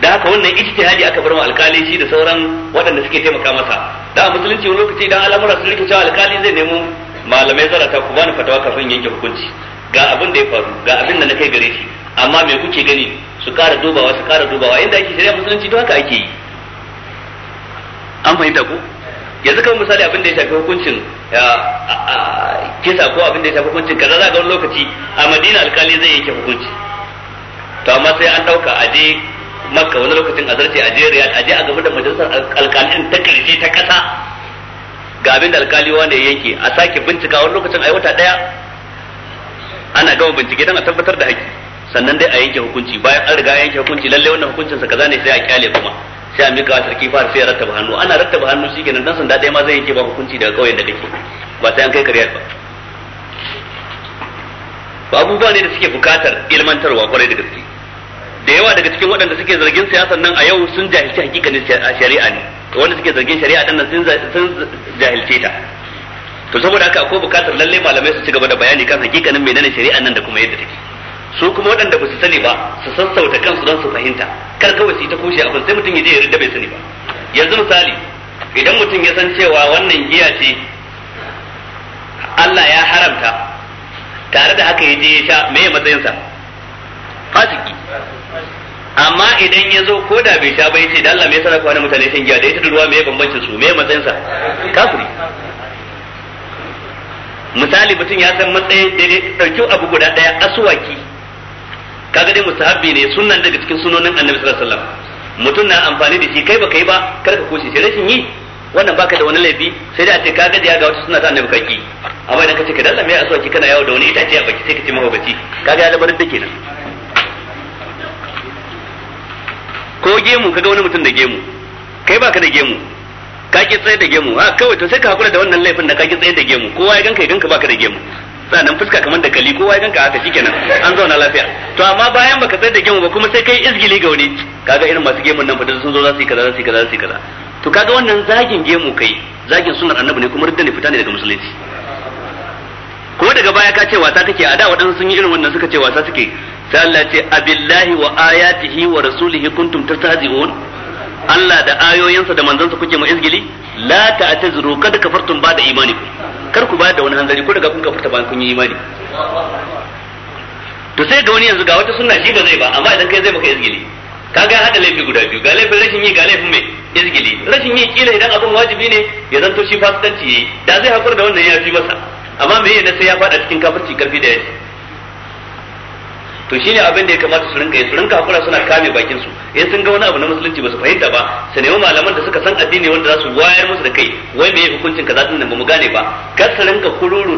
da haka wannan ijtihadi aka bar wa alkali shi da sauran waɗanda suke taimaka masa da musulunci wani lokaci idan al'amura sun rikice alkali zai nemo malamai zarata ku bani fatawa kafin yanke hukunci ga abin da ya faru ga abin da na kai gare shi amma me kuke gani su ƙara dubawa su ƙara dubawa inda ake shari'a musulunci to haka ake yi an fahimta ku yanzu kamar misali abin da ya shafi hukuncin kisa ko abin da ya shafi hukuncin kaza za ga wani lokaci a madina alkali zai yanke hukunci to amma sai an ɗauka a je makka wani lokacin a a je riyad a je a gaba da majalisar alkalin ta karshe ta kasa ga abin da alkali wanda ya yanke a sake bincika wani lokacin a wata daya ana gama bincike don a tabbatar da haƙƙi sannan dai a yanke hukunci bayan an riga yanke hukunci lalle wannan hukuncin sa kaza ne sai a kyale kuma sai a mika sarki fara sai ya rattaba hannu ana rattaba hannu shikenan dan sanda daya ma zai yanke ba hukunci daga kauyen da kake ba sai an kai kariyar ba abubuwa ne da suke bukatar ilmantarwa kwarai da gaske da yawa daga cikin waɗanda suke zargin siyasar nan a yau sun jahilci hakikanin shari'a ne wanda suke zargin shari'a ɗan nan sun jahilce ta to saboda haka akwai bukatar lalle malamai su ci gaba da bayani kan hakikanin menene shari'a nan da kuma yadda take su kuma waɗanda ba su sani ba su sassauta kansu don su fahimta kar kawai su yi ta kushe abin sai mutum ya je ya rinda bai sani ba yanzu misali idan mutum ya san cewa wannan giya ce Allah ya haramta tare da haka ya je ya sha me matsayinsa fasiki amma idan ya zo ko da bai sha bai ce da Allah me yasa wani mutane shan giya da ita da ruwa me bambancin su me matsayin sa kafiri misali mutum ya san matsayin da daidai dauki abu guda daya aswaki kaga dai mustahabbi ne sunan daga cikin sunonin Annabi sallallahu alaihi wasallam mutum na amfani da shi kai baka yi ba kar ka kushe sai rashin yi wannan baka da wani laifi sai dai a ce ka gaji ga wata suna ta annabi kaki amma idan ka ce ka dalla me aswaki kana yawo da wani itace a baki sai ka ce mahobaci kaga ya labarin da kenan ko gemu kaga wani mutum da gemu kai baka da gemu ka ki tsaye da gemu ha kawai to sai ka hakura da wannan laifin da ka ki tsaye da gemu kowa ya ganka ya ganka baka da gemu sannan fuska kamar da kali kowa ya ganka haka shikenan an zauna lafiya to amma bayan baka tsaye da gemu ba kuma sai kai izgili ga wani kaga irin masu gemun nan fa sun zo za su yi kaza za su yi kaza za su yi kaza to kaga wannan zagin gemu kai zagin sunan annabi ne kuma riddan ne fita ne daga musulunci ko daga baya ka ce wasa take a da waɗansu sun yi irin wannan suka ce wasa suke sai Allah ce abillahi wa ayatihi wa rasulihi kuntum tastahzi'un Allah da ayoyinsa da manzansa kuke mu izgili la kada kad kafartum ba da imani kar ku bayar da wani hanzari ku daga kun kafarta ba kun yi imani to sai ga wani yanzu ga wata sunna shi ba zai ba amma idan kai zai maka izgili ka ga hada laifi guda biyu ga laifin rashin yi ga laifin mai izgili rashin yi kila idan abin wajibi ne ya zanto shi fasikanci yayi da zai hakura da wannan ya fi masa amma me yana sai ya fada cikin kafirci karfi da yaji to shine abin da ya kamata su rinka yi su rinka hakura suna kame bakin su in sun ga wani abu na musulunci ba su fahimta ba su nemi malaman da suka san addini wanda za su wayar musu da kai wai me hukuncin kaza din nan ba mu gane ba kar su rinka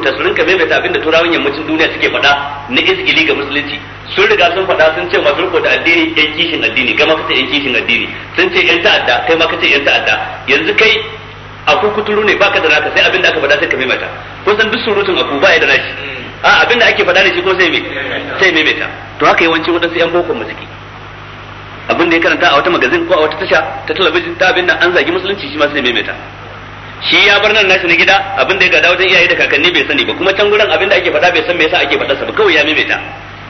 ta su rinka maimaita abin da turawan yammacin duniya suke faɗa na izgili ga musulunci sun riga sun faɗa sun ce masu riko da addini yan kishin addini kai ma kace yan kishin addini sun ce yan ta'adda kai ma kace yan ta'adda yanzu kai a kuturu ne baka da naka sai abin da aka faɗa sai ka maimaita kusan san duk surutun aku ba ya da nashi a abinda ake faɗa da shi ko sai me sai me meta to haka yawanci wadansu yan boko suke abin da ya karanta a wata magazin ko a wata tasha ta talabijin ta abin an zagi musulunci shi ma sai maimaita shi ya bar nan nashi na gida abin da ya gada wajen iyaye da kakanni bai sani ba kuma can gurin abin da ake faɗa bai san me yasa ake faɗarsa ba kawai ya maimaita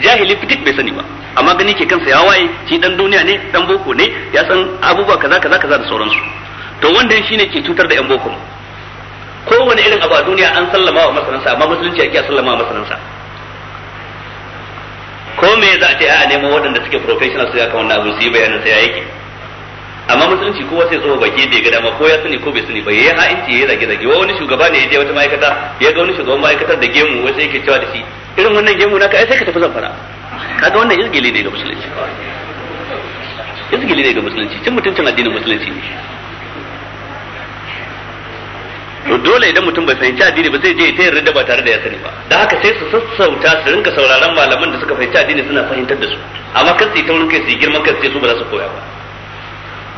jahili fitik bai sani ba amma gani ke kansa ya waye shi dan duniya ne dan boko ne ya san abubuwa kaza kaza kaza da sauransu to shi shine ke cutar da yan boko kowane irin abu a duniya an sallama wa masanansa amma musulunci ake sallama wa masanansa ko me za a ce a nemo waɗanda suke professional su ya kawo wannan abu su yi bayanin sai yake amma musulunci kowa sai tsoho baki da ya ga dama ko ya sani ko bai sani ba yayi ha'inci yayi zage zage wani shugaba ne ya je wata ma'aikata ya ga wani shugaban ma'aikatar da gemu wasu yake cewa da shi irin wannan gemu naka ai sai ka tafi zamfara kaga wannan izgili ne ga musulunci izgili ne ga musulunci cin mutuncin addinin musulunci ne to dole idan mutum bai fahimci addini ba zai je ta yarda ba tare da ya sani ba da haka sai su sassauta su rinka sauraron malaman da suka fahimci addini suna fahimtar da su amma kan su yi taurin kai su yi girman kai su ba za su koya ba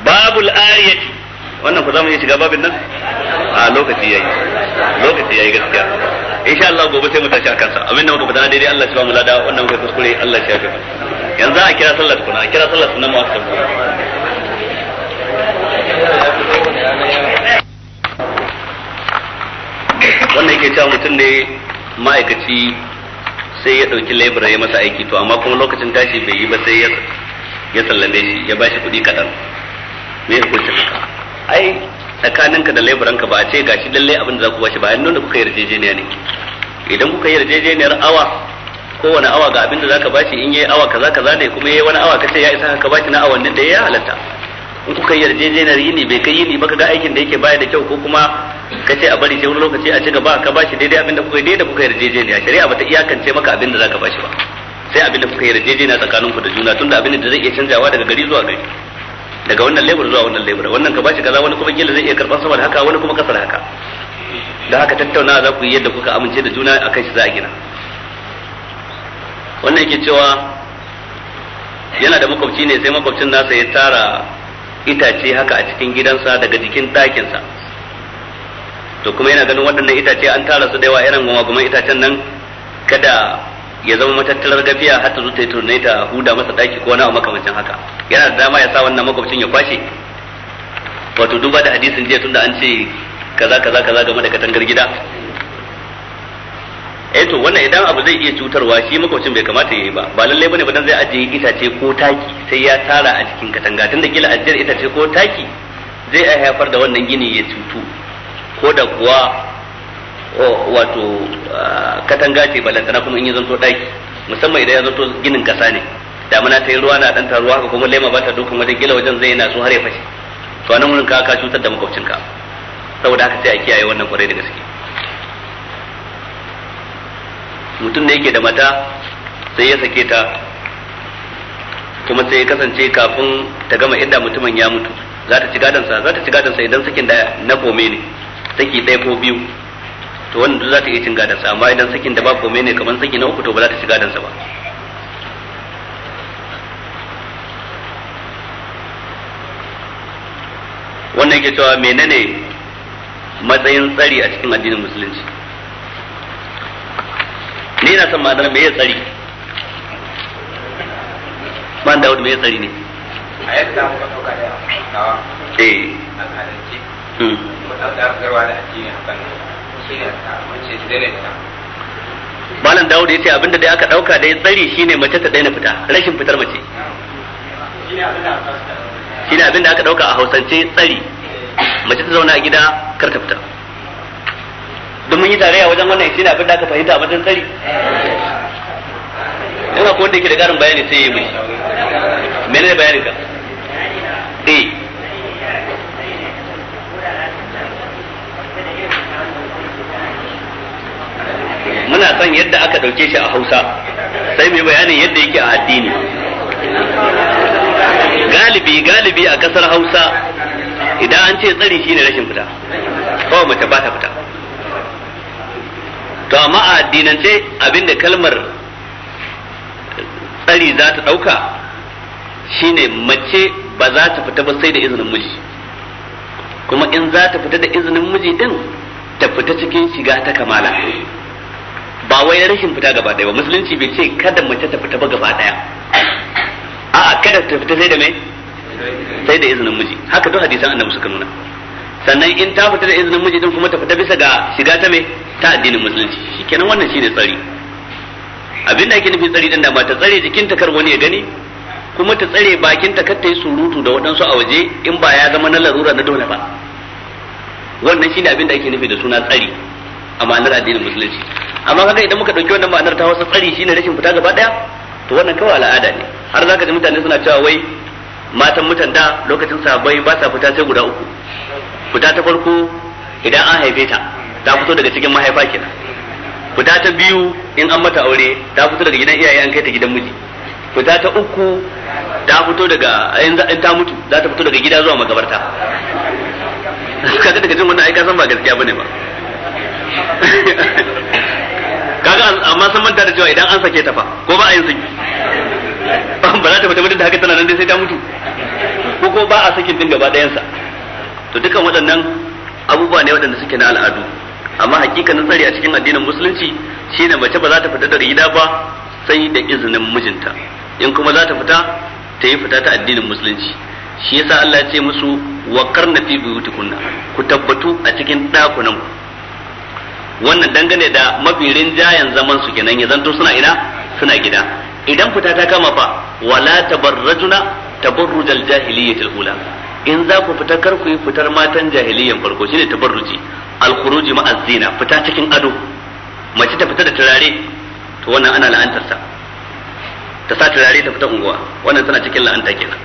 babul ayati wannan ku za mu iya shiga babin nan a lokaci yayi lokaci yayi gaskiya insha Allah gobe sai mu tashi akan sa da muka fada daidai Allah ya ba mu lada wannan muka kuskure Allah ya shafe yanzu a kira sallar kuna a kira sallar sunan mu aka wannan yake cewa mutum ne ma'aikaci sai ya ɗauki lebura ya masa aiki to amma kuma lokacin tashi bai yi ba sai ya sallame shi ya bashi kuɗi kaɗan me ya kuce haka ai tsakaninka da leburanka ba a ce gashi lallai abin da za ku bashi ba an nuna kuka yarjejeniya ne idan kuka yarjejeniyar awa kowane awa ga abin da za ka bashi in yayi awa kaza kaza ne kuma yayi wani awa ka ce ya isa ka bashi na awannin da ya halatta in kuka yarjejeniyar yini bai kai yini ba ka ga aikin da yake baya da kyau ko kuma ka ce a bari sai wani lokaci a ci gaba ka bashi daidai abinda kuka yi daidai da kuka a shari'a bata iyakance maka abinda za ka bashi ba sai abinda kuka yi yarjejeniya tsakanin ku da juna tunda abinda da zai iya canjawa daga gari zuwa gari daga wannan lebur zuwa wannan lebur wannan ka bashi kaza wani kuma kila zai iya karban sama da haka wani kuma kasar haka da haka tattauna za ku yi yadda kuka amince da juna akan shi za a gina wannan yake cewa yana da makwabci ne sai makwabcin nasa ya tara itace haka a cikin gidansa daga jikin ɗakinsa to kuma yana ganin waɗannan itace an tara su da yawa irin goma itacen nan kada ya zama matattarar gafiya har ta zo ta yi turne ta huda masa daki ko nawa makamancin haka yana da dama ya sa wannan makwabcin ya kwashe wato duba da hadisin jiya tunda an ce kaza kaza kaza game da katangar gida eh to wannan idan abu zai iya cutarwa shi makwabcin bai kamata ya yi ba ba lalle bane ba dan zai ajiye itace ko taki sai ya tara a cikin katanga tunda kila ajiyar itace ko taki zai haifar da wannan gini ya cutu ko da kuwa wato katanga ce balantana kuma in yi zanto ɗaki musamman idan ya zanto ginin kasa ne damuna ta yi ruwa na ɗanta ruwa haka kuma lema ba ta dukkan wajen gila wajen zai na so har ya fashe to anan wurin ka ka cutar da makwabcinka saboda haka sai a kiyaye wannan kwarai da gaske mutum da yake da mata sai ya sake ta kuma sai ya kasance kafin ta gama inda mutumin ya mutu za ta ci gadansa za ta ci gadansa idan sakin da na kome ne saki ɗaya ko biyu to wannan duk za ta iya cin gadansa amma idan sakin da ba komai ne kamar saki na uku to ba za ta ci gadansa ba wannan yake cewa menene matsayin tsari a cikin addinin musulunci ni na san ma'anar me ya tsari man wani me ya tsari ne A yadda eh Hmm. malam dawud ya ce abinda dai aka dauka dai tsari shine mace ta daina fita rashin fitar mace shine abinda aka dauka a hausance tsari mace ta zauna a gida kar ta fita don mun yi tarayya wajen wannan shine abinda aka fahimta a matsayin tsari ina ko wanda yake da garin bayani sai ya yi mai menene bayanin ka eh muna son yadda aka ɗauke shi a hausa sai mai bayanin yadda yake a addini galibi galibi a ƙasar hausa idan an ce tsari shine rashin fita kawai mace ba ta fita to amma a addinance abinda kalmar tsari za ta ɗauka shine mace ba za ta fita ba sai da izinin miji kuma in za ta fita da izinin miji din ta fita cikin shiga ta kamala ba wai rashin fita gaba daya ba musulunci bai ce kada mace ta fita ba gaba ɗaya a'a kada ta fita sai da mai sai da izinin miji haka duk hadisan annabi suka nuna sannan in ta fita da izinin miji din kuma ta fita bisa ga shiga ta mai ta addinin musulunci shikenan wannan shine tsari abinda ake nufi tsari din da ba ta tsare jikinta kar wani ya gani kuma ta tsare bakinta kar ta yi surutu da waɗansu a waje in ba ya zama na larura na dole ba wannan shine abinda ake nufi da suna tsari a ma'anar addinin musulunci amma haka idan muka dauki wannan ma'anar ta wasu tsari shine rashin fita gaba daya to wannan kawai al'ada ne har zaka ji mutane suna cewa wai matan mutan da lokacin sabai ba sa fita sai guda uku fita ta farko idan an haife ta ta fito daga cikin mahaifa kenan fita ta biyu in an mata aure ta fito daga gidan iyaye an kai ta gidan miji fita ta uku ta fito daga in ta mutu za ta fito daga gida zuwa makabarta kaga daga jin wannan ai ka san ba gaskiya bane ba kaga amma san manta da cewa idan an sake ta fa ko ba a yin saki ba za ta fita mutum da haka tana nan dai sai ta mutu ko ko ba a sakin din gaba sa. to dukan waɗannan abubuwa ne waɗanda suke na al'adu amma hakikanin tsari a cikin addinin musulunci shine mace ba za ta fita da gida ba sai da izinin mijinta in kuma za ta fita ta yi fita ta addinin musulunci shi yasa Allah ya ce musu wa karna fi buyutikunna ku tabbatu a cikin ɗakunan ku wannan dangane da mafi rinjayen zaman su kenan ya zanto suna ina suna gida idan fita ta kama fa wala tabarrajuna tabarrujal jahiliyyatil ula in za ku fita kar ku yi fitar matan jahiliyyan farko shine tabarruji al-khuruji ma'a fita cikin ado mace ta fita da turare to wannan ana la'antar sa ta sa turare ta fita unguwa wannan tana cikin la'anta kenan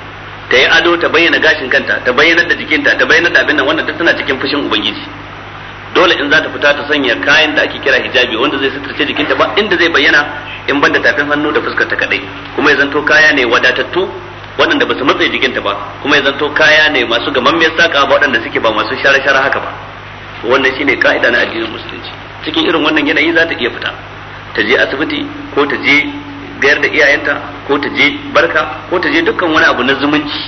ta yi ado ta bayyana gashin kanta ta bayyana da jikinta ta bayyana da abin nan wannan tana cikin fushin ubangiji dole in za ta fita ta sanya kayan da ake kira hijabi wanda zai suturce jikinta ba inda zai bayyana in banda tafin hannu da fuskar ta kadai kuma ya zanto kaya ne wadatattu waɗanda ba su matsaye jikinta ba kuma ya zanto kaya ne masu gamammiyar saka ba waɗanda suke ba masu share-share haka ba wannan shine ka'ida na addinin musulunci cikin irin wannan yanayi za ta iya fita ta je asibiti ko ta je gayar da iyayenta ko ta je barka ko ta je dukkan wani abu na zumunci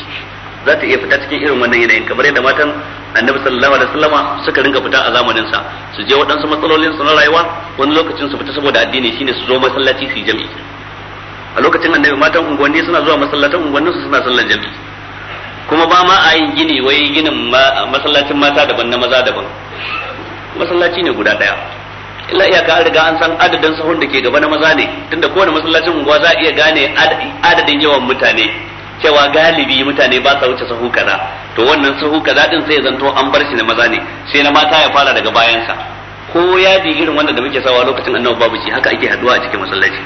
za ta iya fita cikin irin wannan yanayin kamar yadda matan annabi sallallahu alaihi wasallama suka rinka fita a zamanin sa su je waɗansu matsalolin su na rayuwa wani lokacin su fita saboda addini shine su zo masallaci su jami. jami'i a lokacin annabi matan unguwanni suna zuwa masallatan unguwannin su suna sallar jami'i kuma ba ma a yin gini wai ginin masallacin mata daban na maza daban masallaci ne guda daya illa iyaka an riga an san adadin sahun da ke gaba na maza ne tunda kowane masallacin unguwa za a iya gane adadin yawan mutane cewa galibi mutane ba sa wuce sahu kaza to wannan sahu kaza din sai zanto an bar shi na maza ne sai na mata ya fara daga bayansa ko ya bi irin wanda da muke sawa lokacin annabi babu shi haka ake haduwa a cikin masallaci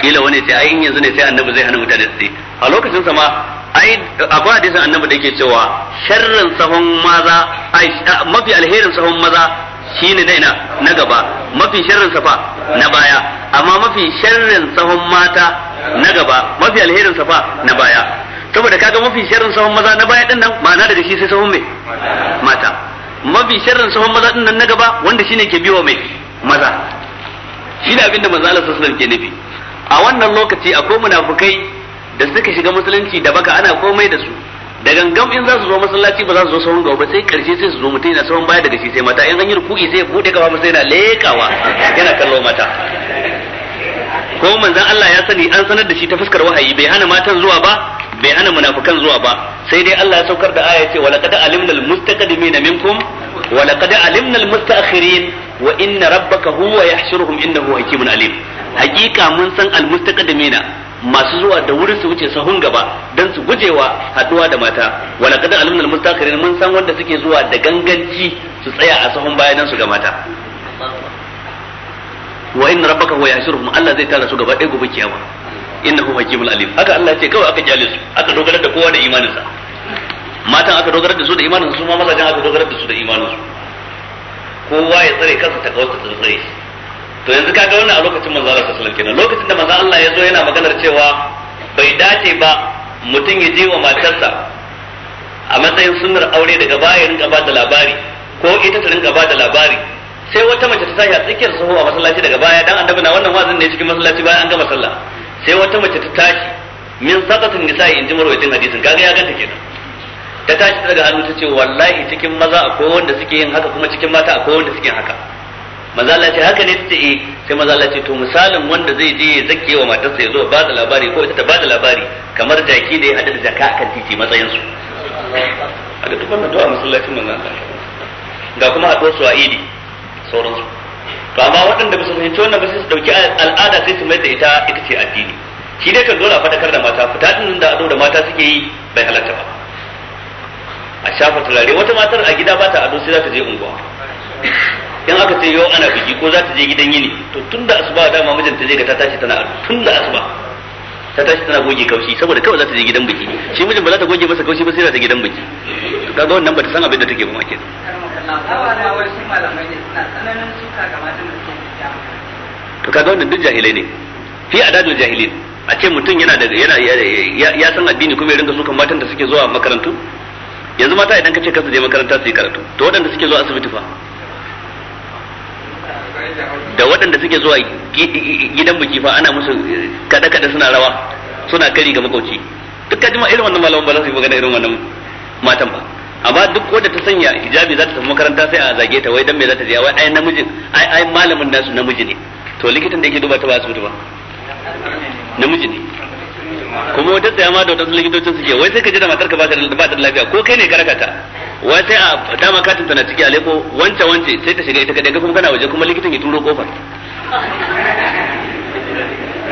kila wani sai ayin yanzu ne sai annabi zai hana mutane su a lokacin sa ma ai abu hadisin annabi da yake cewa sharrin sahun maza ai mafi alherin sahun maza shine daina na gaba mafi sharrin safa na baya amma mafi sharrin sahun mata na gaba mafi alherin safa na baya saboda kaga mafi sharrin sahun maza na baya dinnan ma'ana daga shi sai sahun mai mata mafi sharrin sahun maza dinnan na gaba wanda shine ke biyo mai maza shi ne abinda manzo Allah sallallahu ke nufi a wannan lokaci akwai munafukai da suka shiga musulunci da baka ana komai da su da gangam in za su zo masallaci ba za su zo sahun gaba sai karshe sai su zo mutai na sahun baya daga shi sai mata in an yi ruku'i sai bude gaba sai na lekawa yana kallo mata ko manzon Allah ya sani an sanar da shi ta fuskar wahayi bai hana matan zuwa ba bai hana munafukan zuwa ba sai dai Allah ya saukar da aya ce qad alimnal mustaqdimina minkum qad alimnal mustaakhirin wa inna rabbaka huwa yahshuruhum innahu hakimun alim hakika mun san al mustaqdimina masu zuwa da wurin su wuce sahun gaba don su gujewa haduwa da mata wala kada alimnal mustakhirin mun san wanda suke zuwa da ganganci su tsaya a sahun bayan su ga mata wa inna rabbaka huwa yahshuruhum Allah zai tara su gaba ɗaya gobe kiyama innahu hakimul alim haka Allah ce kawai aka jale su aka dogara da kowa da sa matan aka dogara da su da imaninsu su ma mazajen aka dogara da su da imaninsu kowa ya tsare kansa ta kawarsa ta tsare to yanzu kaga wannan a lokacin manzo Allah sallallahu alaihi wasallam lokacin da manzo Allah ya zo yana maganar cewa bai dace ba mutum ya je wa matarsa a matsayin sunnar aure daga baya gaba ba da labari ko ita ta rinka ba da labari sai wata mace ta tashi a tsakiyar sahu a masallaci daga baya dan annabi na wannan wazin ne cikin masallaci bayan an gama sallah sai wata mace ta tashi min sadatin nisa'i in ji marwayin hadisin kaga ya ganta kenan ta tashi daga hannu ta ce wallahi cikin maza akwai wanda suke yin haka kuma cikin mata akwai wanda suke yin haka maza Allah ce haka ne tace eh sai maza Allah ce to misalin wanda zai je ya zake wa matarsa ya zo ba da labari ko ita ta ba da labari kamar jaki da ya hada da jaka akan titi matsayin su a duk wannan du'a masallacin manzon Allah ga kuma haɗuwar su a idi sauransu to amma waɗanda ba su fahimci wannan ba sai su dauki al'ada sai su mai da ita ita ce addini shi dai kan dole a fadakar da mata fita din da ado da mata suke yi bai halatta ba a shafa turare wata matar a gida ba ta ado sai za ta je unguwa in aka ce yau ana biki ko za ta je gidan yini to tun da asuba dama mijinta zai ga ta tashi tana ado tun da asuba ta tashi tana goge kaushi saboda kawai za ta je gidan biki shi mijin ba za ta goge masa kaushi ba sai ta gidan biki to kaga wannan ta san abin da take ba ma kenan to kaga wannan duk jahilai ne fi adadul jahilin a ce mutum yana da yana ya san addini kuma ya ringa sukan matan da suke zuwa makarantu yanzu mata idan ka ce kasu je makaranta su yi karatu to waɗanda suke zuwa asibiti fa da waɗanda suke zuwa gidan biki fa ana musu kada kada suna rawa suna kari ga makauci duk ka jima irin wannan malaman ba za su yi magana irin wannan matan ba amma duk wanda ta sanya hijabi za ta tafi makaranta sai a zage ta wai dan me za ta je wai ai namiji ai ai malamin nasu namiji ne to likitan da yake duba ta ba su ba namiji ne kuma wata tsaya ma da wata likitocin suke wai sai ka ji da matar ka ba ta da lafiya ko kai ne ka raka ta wai sai a dama katin tana ciki aleko wance wance sai ta shiga ita kadai kuma kana waje kuma likitan ya turo kofar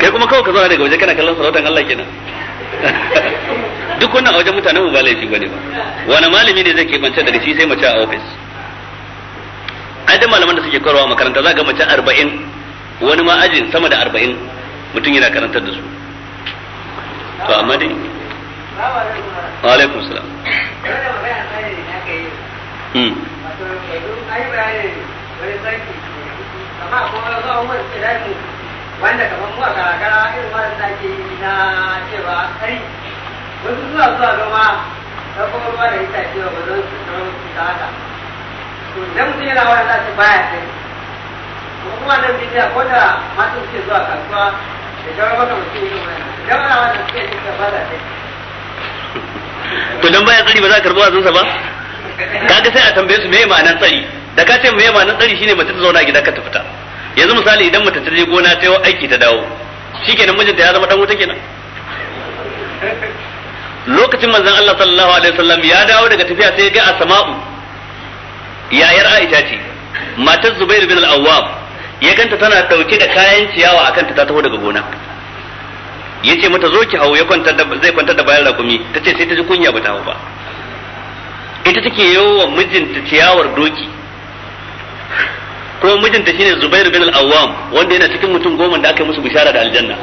kai kuma kawai ka zauna daga waje kana kallon sarautan Allah kenan duk wannan a wajen mutanen mu ba laifi bane ba wani malami ne zai ke bance daga shi sai mace a ofis ai da malaman da suke korowa makaranta za ga mace 40 wani ma ajin sama da 40 mutum yana karantar da su to amma dai wa alaikum salam wanda kamar mu a karakara irin wannan da ake yi na cewa kai wasu zuwa zuwa noma da kuma ruwa da ita cewa ba zan su tsaro su ta haka to idan mutum yana wannan za su baya ce kuma kuma nan bi da ko da masu suke zuwa kasuwa da jawar wata mutum yin wannan idan ana wannan suke yin ba za ta to dan baya tsari ba za a karɓi wazansa ba kaga sai a tambaye su meye ma'anar tsari da ka ce meye ma'anar tsari shine mace ta zauna gida ka ta fita yanzu misali idan mace ta je gona ta yi aiki ta dawo shikenan mijinta ya zama dan wuta kenan lokacin manzon Allah sallallahu alaihi wasallam ya dawo daga tafiya sai ga sama'u yayar Aisha ce matar Zubair bin al-Awwam ya ganta tana dauke da kayan ciyawa akan ta taho daga gona Ya ce mata zo ki hau ya kwantar da zai da bayan rakumi ta ce sai ta ji kunya ba ta hau ba ita take yawo wa mijinta ciyawar doki kuma mijinta shine Zubair bin al-Awwam wanda yana cikin mutum goma da aka yi musu bishara da aljanna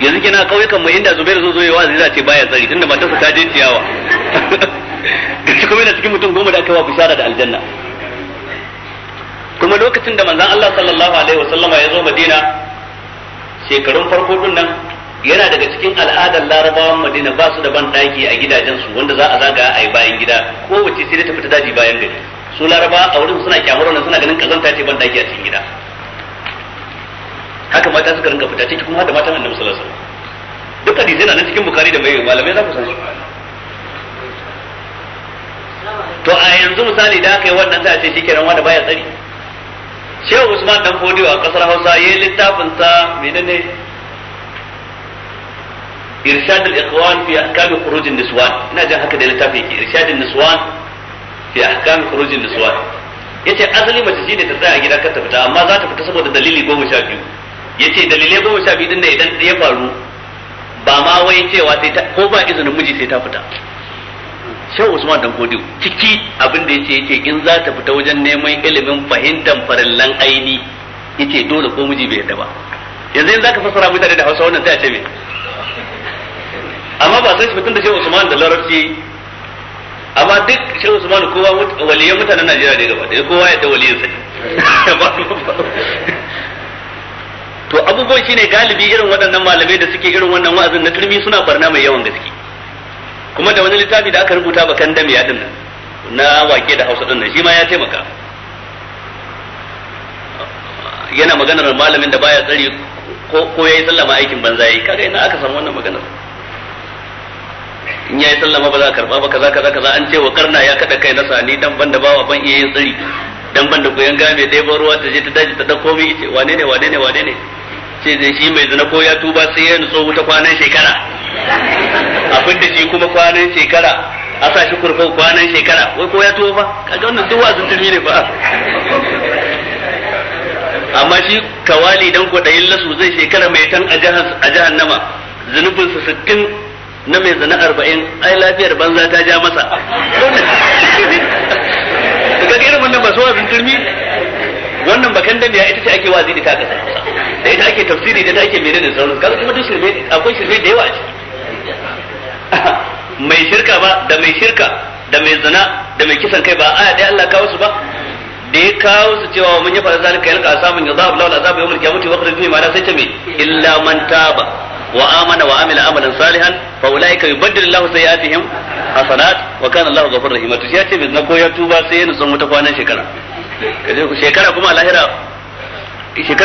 yanzu kina kauyukan mu inda Zubair zo zo yawa zai ce baya tsari tunda matarsa ta je ciyawa gashi kuma yana cikin mutum goma da aka yi wa bishara da aljanna kuma lokacin da manzon Allah sallallahu alaihi wasallama ya zo Madina shekarun farko din nan yana daga cikin al'adar larabawan madina ba su da ban daki a su wanda za a zaga a yi bayan gida kowace sai ta fita daji bayan gari su laraba a wurin suna kyamar wannan suna ganin kazanta ce ban daki a cikin gida haka mata suka rinka fita ciki kuma da matan annabi sallallahu alaihi wasallam duk hadisi na cikin bukari da mai malamai za ku san su to a yanzu misali da aka yi wannan sai a ce shikenan wanda baya tsari shehu usman dan a kasar hausa yayin littafin sa menene irshad al-ikhwan fi ahkam khuruj niswan ina jin haka da littafi yake irshad niswan fi ahkam khuruj niswan yace asali mace shine ta tsaya a gida kar ta fita amma za ta fita saboda dalili goma sha biyu yace dalilai goma sha biyu din ne idan ya faru ba ma wai cewa sai ta ko ba izinin miji sai ta fita shehu usman dan kodi. ciki abin da yace yace in za ta fita wajen neman ilimin fahimtar farallan aini yace dole ko miji bai yadda ba yanzu in zaka fassara mutane da Hausa wannan sai a ce me amma ba san shi mutum da shi usman da larabci amma duk shi usman kowa waliyan mutanen najeriya ne gaba ɗaya kowa da waliyan sa to abubuwan shine galibi irin waɗannan malamai da suke irin wannan wa'azin na turmi suna barna mai yawan gaske kuma da wani littafi da aka rubuta bakan damiya din na wake da hausa din nan shi ma ya taimaka yana maganar malamin da baya tsari ko ya yi sallama aikin banza yi kaga ina aka samu wannan maganar in yayi sallama ba za a karba ba kaza kaza kaza an ce wa karna ya kada kai na sani dan banda bawa ban iya yin tsari dan banda koyan game dai ban ruwa ta je ta daji ta dauko mi ce wane ne wane ne wane ne ce zai shi mai zina ko ya tuba sai ya nutso wuta kwanan shekara abin da shi kuma kwanan shekara a sa shi kurfa kwanan shekara wai ko ya tuba ba kaga wannan duk wazin turmi ne ba amma shi kawali dan kwaɗayin lasu zai shekara mai tan a jahannama zunubinsa sittin na mai zana arba'in ai lafiyar banza ta ja masa daga irin wannan ba su wazin turmi wannan bakan da ita ce ake wazi da ta kasa da ita ake tafsiri da ita ake menene da sauran kaga kuma duk shirme akwai shirme da yawa mai shirka ba da mai shirka da mai zana, da mai kisan kai ba aya ɗaya Allah kawo su ba da ya kawo su cewa mun yi fara zalika yalka samun yadhabu lahu al'azab yawm al-qiyamati wa akhrij mara sai ce mai illa man taba wa amana wa amila amalan salihan fa ulaika yubaddilu Allahu hasanat wa kana Allahu ghafurur rahim to ya ce ko ya tuba sai shekara kaje ku shekara kuma lahira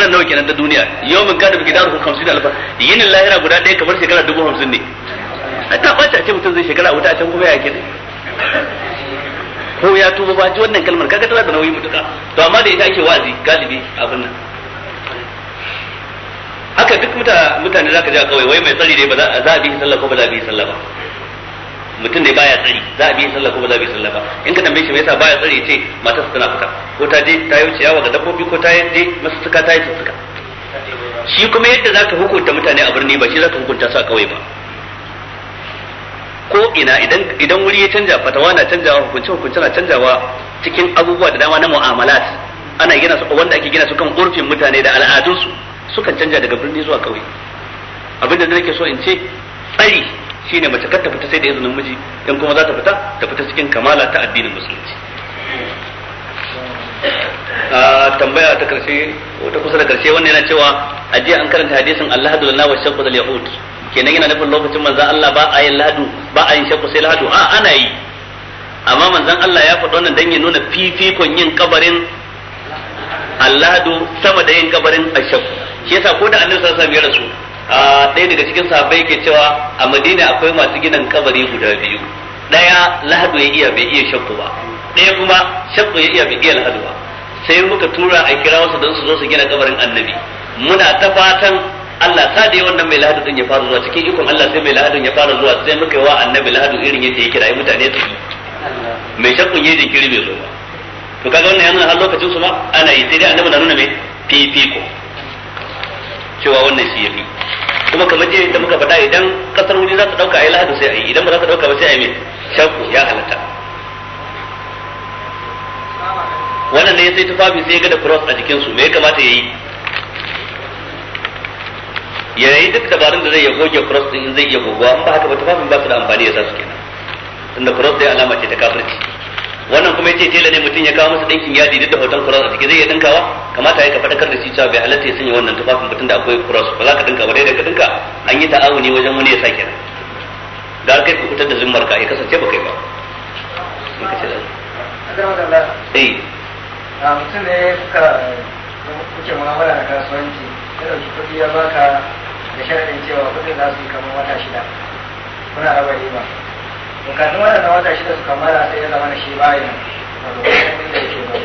nawa 50 alfa yin lahira guda kamar shekara 50 ne ta a ce mutum zai shekara wuta can kuma ya ko wannan kalmar kaga tana da nauyi mutuka to amma da ita ake wazi galibi abin nan haka duk mutane za ka a kawai wai mai tsari ne ba za a bi sallah ko ba za a bi sallah ba mutum ne baya tsari za a bi sallah ko ba za a bi sallah ba in ka tambaye shi me yasa baya tsari ce su tana fita ko ta je ta yi ciyawa ga dabbobi ko ta je suka ta yi suka shi kuma yadda za ka hukunta mutane a birni ba shi za ka hukunta su a kawai ba ko ina idan idan wuri ya canja fatawa na canjawa hukunci hukunci na canjawa cikin abubuwa da dama na mu'amalat ana gina su wanda ake gina su kan urfin mutane da al'adunsu sukan canja daga birni zuwa ƙauye abinda da nake so in ce tsari shine mace kar ta fita sai da izinin miji in kuma za ta fita ta fita cikin kamala ta addinin musulunci a tambaya ta karshe ta kusa da karshe wannan yana cewa a jiya an karanta hadisin Allah hadu lana wa shakku da yahud kenan yana nufin lokacin manzan Allah ba a yin lahadu ba a yin shakku sai lahadu a ana yi amma manzan Allah ya faɗi wannan dan ya nuna fifikon yin kabarin Allahdu sama da yin kabarin ashakku shi yasa ko da annabi sallallahu alaihi wasallam ya rasu a ɗaya daga cikin sahabbai ke cewa a madina akwai masu ginin kabari guda biyu ɗaya lahadu ya iya bai iya shakku ba ɗaya kuma shakku ya iya bai iya lahadu ba sai muka tura a kira wasu don su zo su gina kabarin annabi muna ta fatan Allah ta da wannan mai lahadu din ya fara zuwa cikin ikon Allah sai mai lahadu ya fara zuwa sai muka yi wa annabi lahadu irin yadda ya kira mutane su mai shakkun ya jinkiri bai zo ba to kaga wannan yana har lokacin su ma ana yi sai dai annabi na nuna mai fifiko cewa wannan shi yafi kuma kamar je da muka faɗa idan kasar wuri za ta dauka ayi lahadu sai yi idan ba za ta dauka ba sai yi mai shakku ya halatta wannan ne sai tufafi sai ya ga da cross a jikin su me ya kamata yayi ya yi duk dabarun da zai ya goge cross din zai iya gogowa in ba haka ba tufafin ba su da amfani ya sa su kenan tunda cross dai alama ce ta kafirci wannan kuma yace tela ne mutum ya kawo masa dinkin yadi duk da hoton kuras a cikin zai iya dinkawa kamata ya ka fadakar da shi cewa bai halatta ya sanya wannan tufafin mutum da akwai kuras ba za ka dinka ba dai da ka dinka an yi ta'awuni wajen wani ya sake. kenan da kai ku fitar da zimmar ka ya kasance ba kai ba eh. ne kuke da kasuwanci ya baka da cewa kuɗin za su yi kamar wata shida kuna raba ba. to kafin na wata shida su kammala sai ya zama shi bayan da yake ba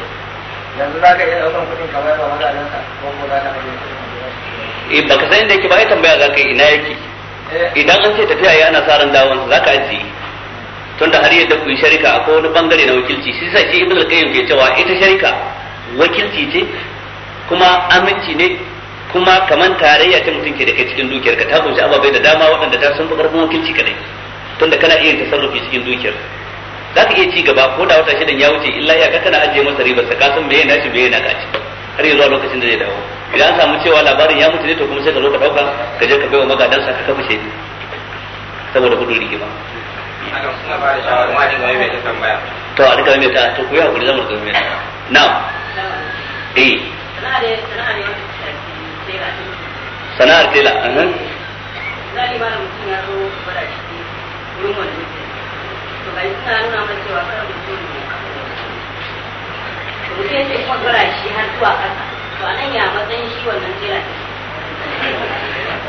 yanzu za ka iya ɗaukan kuɗin kamar ba mazalinsa ko ko za ka ɗauki kuɗin eh, ba ka san inda yake ba ya tambaya za ka yi ina yake eh. idan an ce tafiya yana sa ran dawon za ka ajiye tunda har yadda ku yi sharika akwai wani bangare na wakilci shi sa shi ibnu al-qayyim ke cewa ita sharika wakilci ce kuma aminci ne kuma kamar tarayya ta mutum ke daga kai cikin dukiyarka ta kunshi ababai da dama waɗanda ta sun fi ƙarfin wakilci kadai tunda kana iya tasarrufi cikin dukiyar za ka iya ci gaba ko da wata shidan ya wuce illa ya kana ajiye masa riba sa kasan bai meye shi bai na kaci har yanzu a lokacin da zai dawo idan an samu cewa labarin ya mutu ne to kuma sai ka zo ka dauka ka je ka wa magadansa ka kafa shi saboda gudun rigima to a duka mai ta to ku yi hakuri zama da mai na eh sana'ar tela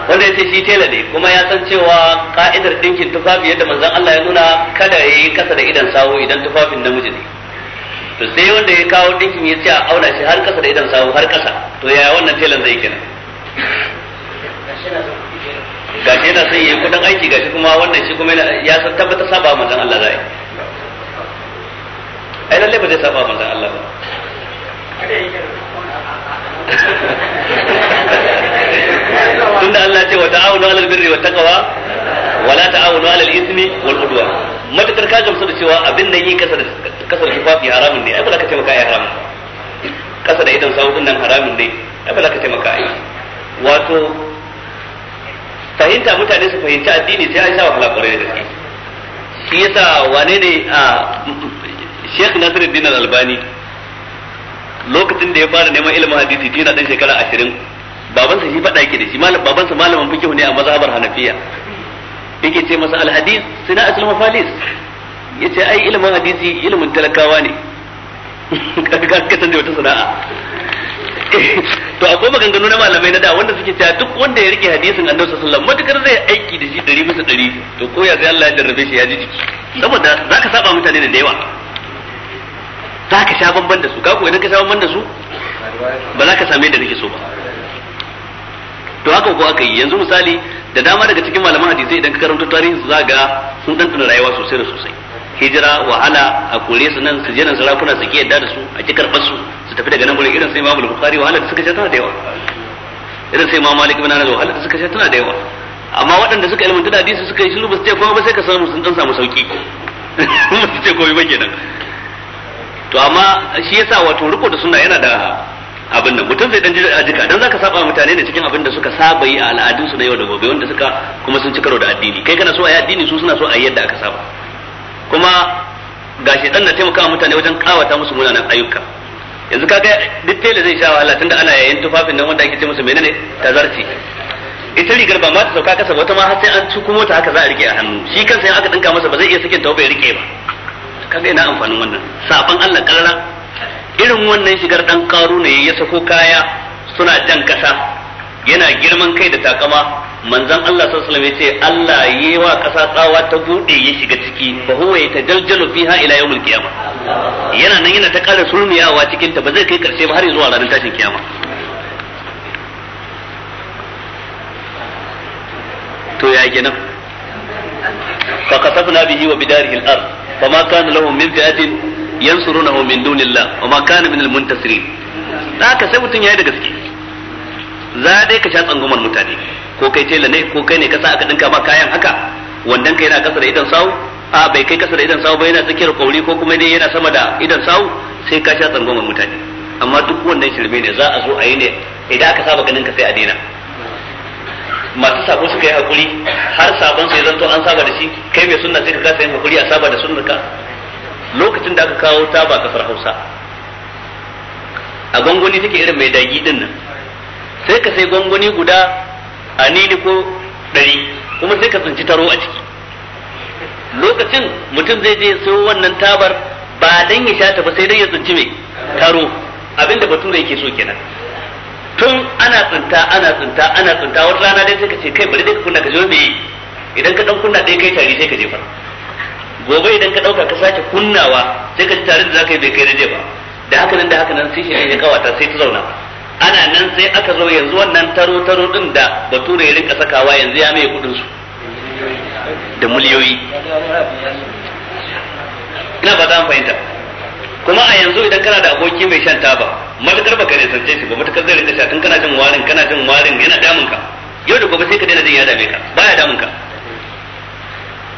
wanda ya ce shi tela ne kuma ya san cewa ka'idar dinkin tufafi yadda manzan Allah ya nuna kada ya yi kasa da idan sawo idan tufafin namiji ne to sai wanda ya kawo dinkin ya ce a auna shi har kasa da idan sawo har kasa to yaya wannan telan zai kenan gashi yana son yayi kudin aiki gashi kuma wannan shi kuma ya tabbata saba manzon Allah zai ai lalle ba zai saba manzon Allah ba tunda Allah ce wa ta'awunu 'alal birri wat taqwa wa la ta'awunu 'alal ithmi wal udwan matakar ka gamsu da cewa abin da yi kasar kasar kifafi haramun ne ai ba za ka taimaka ai haramun kasa da idan sawu nan haramun ne ai ba za ka taimaka ai wato fahimta mutane su fahimci addini sai an sa wahala kwarai da gaske shi yasa wane ne a Sheikh Nasiruddin Al-Albani lokacin da ya fara neman ilimin hadisi tana dan shekara 20 babansa shi faɗa yake da shi babansa malamin fiqh ne a mazhabar Hanafiya yake ce masa al-hadis sina'atul mafalis yace ai ilimin hadisi ilimin talakawa ne kaga ka san da wata sana'a to akwai maganganu na malamai na da wanda suke cewa duk wanda ya rike hadisin annabi sallallahu alaihi wasallam matukar zai aiki da shi dari bisa dari to ko ya zai Allah ya jarrabe shi ya ji jiki saboda zaka saba mutane da yawa zaka sha bamban da su ka ko idan ka sha bamban da su ba za ka same da kake so ba to haka ko aka yi yanzu misali da dama daga cikin malaman hadisi idan ka karanta tarihin su zaga sun dantana rayuwa sosai da sosai hijira wahala a kore su nan su je nan sarakuna su ki yadda da su a ki karɓar su su tafi daga nan gurin irin sai bulu bukari wahala da suka sha tana da yawa irin sai ma Malik ibn Anas wahala da suka sha tana da yawa amma waɗanda suka ilmanta da hadisi suka yi shiru ba su ce komai ba sai ka samu sun dan samu sauki ba su ce komai ba kenan to amma shi yasa wato riko da sunna yana da abin nan mutum zai dan a jika dan zaka saba mutane ne cikin abin da suka saba yi a al'adunsu na yau da gobe wanda suka kuma sun ci karo da addini kai kana so a yi addini su suna so a yi yadda aka saba kuma ga shedan na taimaka mutane wajen kawata musu munanan ayyuka yanzu kaga duk tele zai sha wahala tunda ana yayin tufafin nan wanda ake ce musu menene tazarci ita rigar ba ma ta sauka kasa wata ma har sai an cuku mota haka za a rike a hannu shi kansa in aka dinka masa ba zai iya sakin ta bai rike ba kaga ina amfanin wannan saban Allah karara irin wannan shigar dan karu ne ya sako kaya suna jan kasa yana girman kai da takama manzon Allah sallallahu alaihi wasallam ce Allah yi wa kasa tsawa ta bude ya shiga ciki fa huwa yatajaljalu fiha ila yawmil qiyama yana nan yana ta ƙara surmiyawa cikin ta ba zai kai karshe ba har zuwa ranar tashin kiyama to ya gina fa kasafna bihi wa bidarihi al-ard ma kana lahum min fi'atin yansurunahu min dunillah wa ma kana min al-muntasirin haka sai mutun yayi da gaske za dai ka sha tsangumar mutane ko kai tela ne ko kai ne ka sa aka dinka ba kayan haka wandan kai yana kasa da idan sawu a bai kai kasa da idan sawu ba yana tsakiyar kauri ko kuma dai yana sama da idan sawu sai ka sha tsangumar mutane amma duk wannan shirme ne za a zo a yi ne idan aka saba ganin ka sai a daina masu sabo suka yi hakuri har sabon sai zanto an saba da shi kai mai sunna sai ka kasa yin hakuri a saba da sunnar ka lokacin da aka kawo ta ba kasar Hausa a gwangwani take irin mai dagi din nan sai ka sai gwangwani guda a nili ko ɗari kuma sai ka tsinci taro a ciki lokacin mutum zai je sai wannan tabar ba dan ya sha ta ba sai dai ya tsinci mai taro abinda bature yake so kenan tun ana tsinta ana tsinta ana tsinta wata rana dai sai ka ce kai bari dai ka kunna ka zo me idan ka dan kunna dai kai tari sai ka jefa gobe idan ka dauka ka sake kunnawa sai ka ji tarin da zaka yi bai kai da ba da haka nan da haka nan sai shi ne ya kawata sai ta zauna ana nan sai aka zo yanzu wannan taro taro din da bature ya rinka sakawa yanzu ya mai kudin su da miliyoyi ina ba za mu fahimta kuma a yanzu idan kana da aboki mai shan taba matukar baka ne sance shi ba matukar zai rinka sha tun kana jin warin kana jin warin yana damun ka yau da gobe sai ka daina jin ya dame ka baya damun ka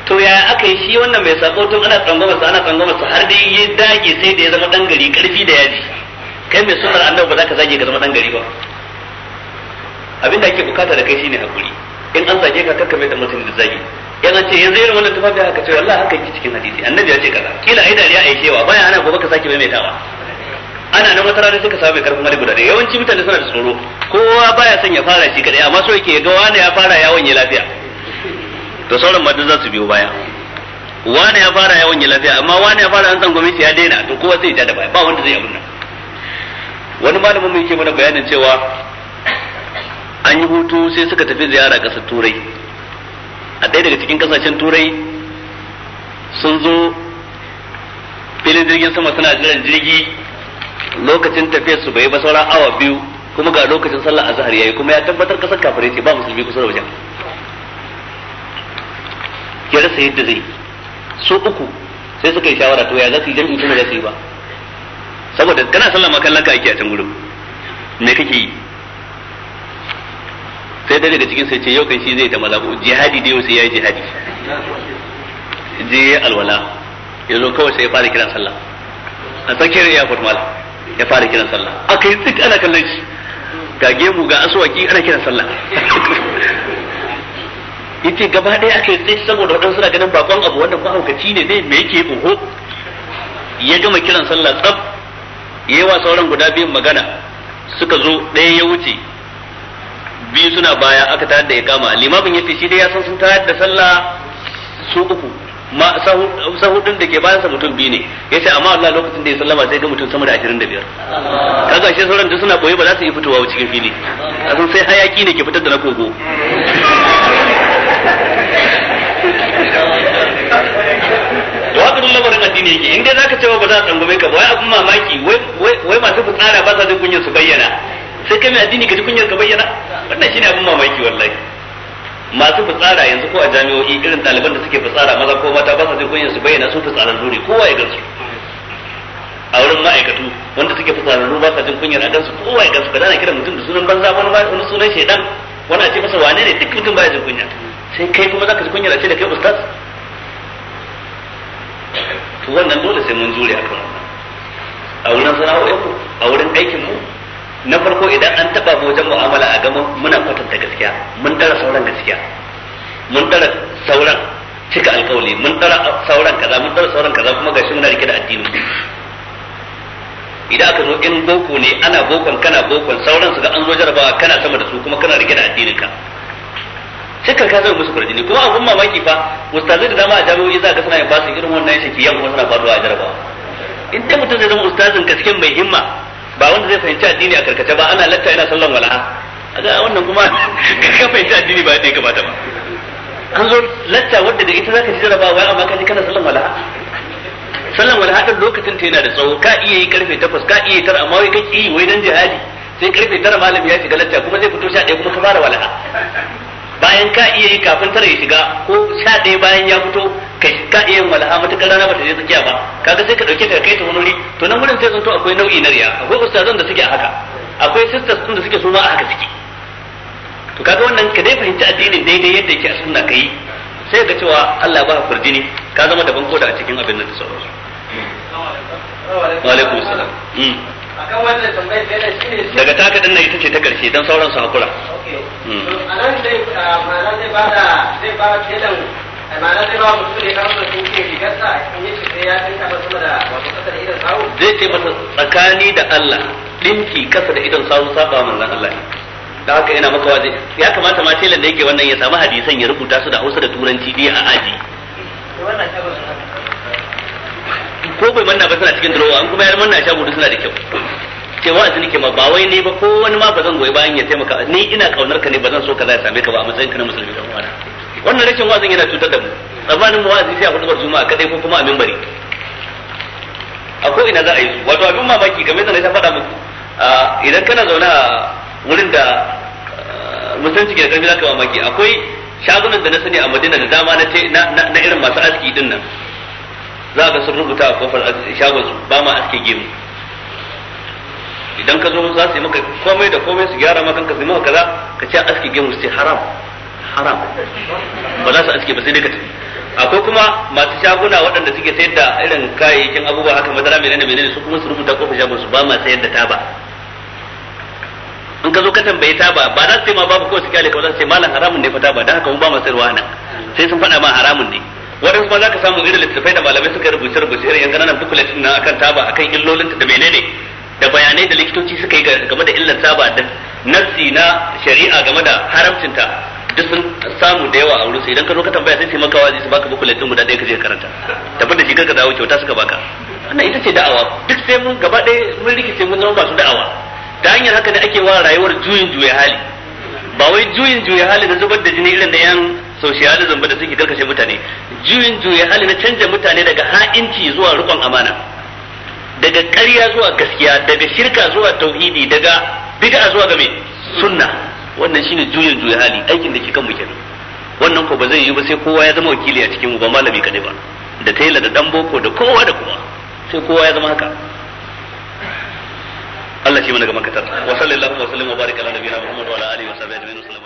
to ya aka yi shi wannan mai sako tun ana tsangwamarsa ana tsangwamarsa har dai ya dage sai da ya zama dangari karfi da yaji kai mai sunnar annabi ba za ka zage ka zama dan gari ba abin da ake bukata da kai shine hakuri in an zage ka kakka mai da mutum da zagi yana ce yanzu irin wannan tufafi haka ce wallahi haka yake cikin hadisi annabi ya ce kaza kila ai dariya ai cewa baya ana gobe ka sake maimaitawa ana nan wata rana sai ka samu mai karfin hali guda da yawanci mutane suna da tsoro kowa baya son ya fara shi kadai amma so yake ga wani ya fara ya wanye lafiya to sauran ma za su biyo baya wani ya fara ya wanye lafiya amma wani ya fara an san gwamnati ya daina to kowa sai ya da baya ba wanda zai abin nan wani malamin mai yake mana bayanin cewa an yi hutu sai suka tafi ziyara ƙasar turai a ɗaya daga cikin ƙasashen turai sun zo filin jirgin sama suna jiran jirgi lokacin tafiyar su bai ba sauran awa biyu kuma ga lokacin sallar azhar yayi kuma ya tabbatar kasar kafirai ce ba musulmi kusa da wajen ya rasa yadda zai su uku sai suka yi shawara to ya za su yi jami'i kuma za su yi ba saboda kana sallah ma kallon ka ake a can gurin me kake yi sai dai daga cikin sai ce yau kan shi zai ta ko jihadi da yau sai yayi jihadi je alwala yanzu kawai sai ya fara kiran sallah a tsakiyar airport mal ya fara kiran sallah akai yi ana kallon shi ga gemu ga asuwaki ana kiran sallah yace gaba ɗaya aka yi tsaye saboda waɗansu suna ganin bakon abu wanda ko haukaci ne ne me yake oho ya gama kiran sallah tsaf yawa sauran guda biyun magana suka zo ɗaya ya wuce biyu suna baya aka tayar da kama limamin fi shi dai ya san sun tayar da sallah su uku ma sahudin da ke bayan sa mutum biyu ne yace amma Allah lokacin da ya sallama sai ga mutum sama da 25 kaga shi sauran duk suna koyi ba za su yi fitowa cikin fili a sun sai hayaki ne ke fitar da na kogo tsawon lamarin addini yake inda za ka cewa ba za a tsangwame ka ba wai abin mamaki wai masu fitsara ba sa jin kunyar su bayyana sai kai mai addini ka ji kunyar ka bayyana wannan shine abin mamaki wallahi masu fitsara yanzu ko a jami'o'i irin ɗaliban da suke fitsara maza ko mata ba sa jin kunyar su bayyana sun fitsara zuri kowa ya gansu a wurin ma'aikatu wanda suke fitsara zuri ba sa jin kunyar a gansu kowa ya gansu ka dana kiran mutum da sunan banza wani wani sunan shaidan wani a ce masa wane ne duk mutum ba ya jin kunya sai kai kuma za ka ji kunyar a ce da kai ustaz to wannan dole sai mun jure akan a wurin sana'o'in mu a wurin aikin mu na farko idan an taba mu wajen mu'amala a gama muna kwatanta gaskiya mun dara sauran gaskiya mun dara sauran cika alkawali mun dara sauran kaza mun dara sauran kaza kuma gashi muna rike da addinin idan aka zo in boko ne ana bokon kana bokon sauran su ga an zo jarabawa kana sama da su kuma kana rike da addinin ka cikar ka zai musu farjini kuma abun mamaki fa ustazai da dama a jami'o'i za ka suna yin fasin irin wannan shakiyan kuma suna faruwa a jarabawa in dai mutum zai zama ustazin gaske mai himma ba wanda zai fahimci addini a karkace ba ana latta yana sallan wala'a ga wannan kuma ka fahimci addini ba yadda ya kamata ba an zo latta wadda da ita zaka ji jarabawa amma ka ji kana sallan wala'a sallan wala'a din lokacin ta yana da tsawo ka iya yi karfe takwas ka iya yi tara amma wai ki yi wai dan jihadi sai karfe tara malam ya shiga latta kuma zai fito sha ɗaya kuma ka fara wala'a bayan ka iya yi kafin tara ya shiga ko sha ɗaya bayan ya fito ka ka iya yin wala'a matukar rana bata je tsakiya ba kaga sai ka dauke ka kai ta wani wuri to nan wurin sai zanto akwai nau'i na riya akwai ustazan da suke a haka akwai sisters sun da suke suna a haka suke to kaga wannan ka dai fahimci addinin daidai yadda yake a sunna kai sai ka cewa Allah ba furjini ka zama daban ko da a cikin abin da da sauransu wa alaikum akan wannan tambayar da shine daga taka dinnan ita ce ta karshe dan sauran su hakura anan hmm. dai ma'ana zai bada zai bada kedan ma'ana zai ba mutum ne kamar sun ke rigarsa in yi shi ya tinka ba sama da wato kasa da idan sawu zai ce masa tsakani da Allah dinki kasa da idan sawu saba manzon Allah da haka ina maka waje ya kamata ma telan da yake wannan ya samu hadisan ya rubuta su da Hausa da Turanci dai a aji wannan ko bai manna ba suna cikin durowa an kuma yar manna shago duk suna da kyau ce wa'azi nake ma ba wai ne ba ko wani ma ba zan goyi bayan ya taimaka ni ina kaunar ka ne ba zan so ka za same ka ba a matsayin ka na musulmi dan uwana wannan rashin wa'azin yana cutar da mu tsammanin mu wa'azi sai a hudubar juma'a kadai ko kuma a minbari a ko ina za a yi su wato abin mamaki game da na ta faɗa muku idan kana zauna a wurin da musulunci ke da karfi za ka mamaki akwai shagunan da na sani a madina da dama na irin masu aski din nan za ka sun rubuta a kofar shagon su ba ma aske gemu idan ka zo za su yi maka komai da komai su gyara maka ka su maka kaza ka ce aske gemu su ce haram haram ba za su aske ba sai dai ka tafi akwai kuma masu shaguna waɗanda suke sayar da irin kayayyakin abubuwa haka madara menene menene su kuma su rubuta kofar shagon su ba ma sayar da taba in ka zo ka tambayi taba ba za su ce ma babu kawai kyale ka ba za su ce malam haramun ne fa taba dan haka mu ba ma sayarwa nan sai sun faɗa ma haramun ne wani kuma zaka samu irin littattafai da malamai suka rubuce rubuce irin yanzu nan booklet na akan taba akan illolin ta da menene da bayanai da likitoci suka yi game da illar taba da nassi na shari'a game da haramcin ta duk sun samu da yawa a wurin su idan ka zo ka tambaya sai su maka wazi su baka bukulet din guda ɗaya ka je karanta tabbata shi kanka dawo kyauta suka baka wannan ita ce da'awa duk sai mun gaba ɗaya mun rikice mun zama masu da'awa ta hanyar haka ne ake wa rayuwar juyin juya hali ba wai juyin juya hali da zubar da jini irin da yan socialism ba da suke karkashe mutane juyin juya hali na canja mutane daga ha'inci zuwa rukon amana daga ƙarya zuwa gaskiya daga shirka zuwa tauhidi daga bid'a zuwa game sunna wannan shine juyin juya hali aikin da ke kan muke wannan ko ba zai yi ba sai kowa ya zama wakili a cikin ba malami kadai ba da taila da dan boko da kowa da kowa sai kowa ya zama haka Allah shi mana ga makatar wa sallallahu wa sallam wa barika ala nabiyina muhammad wa ala alihi wa sahbihi ajma'in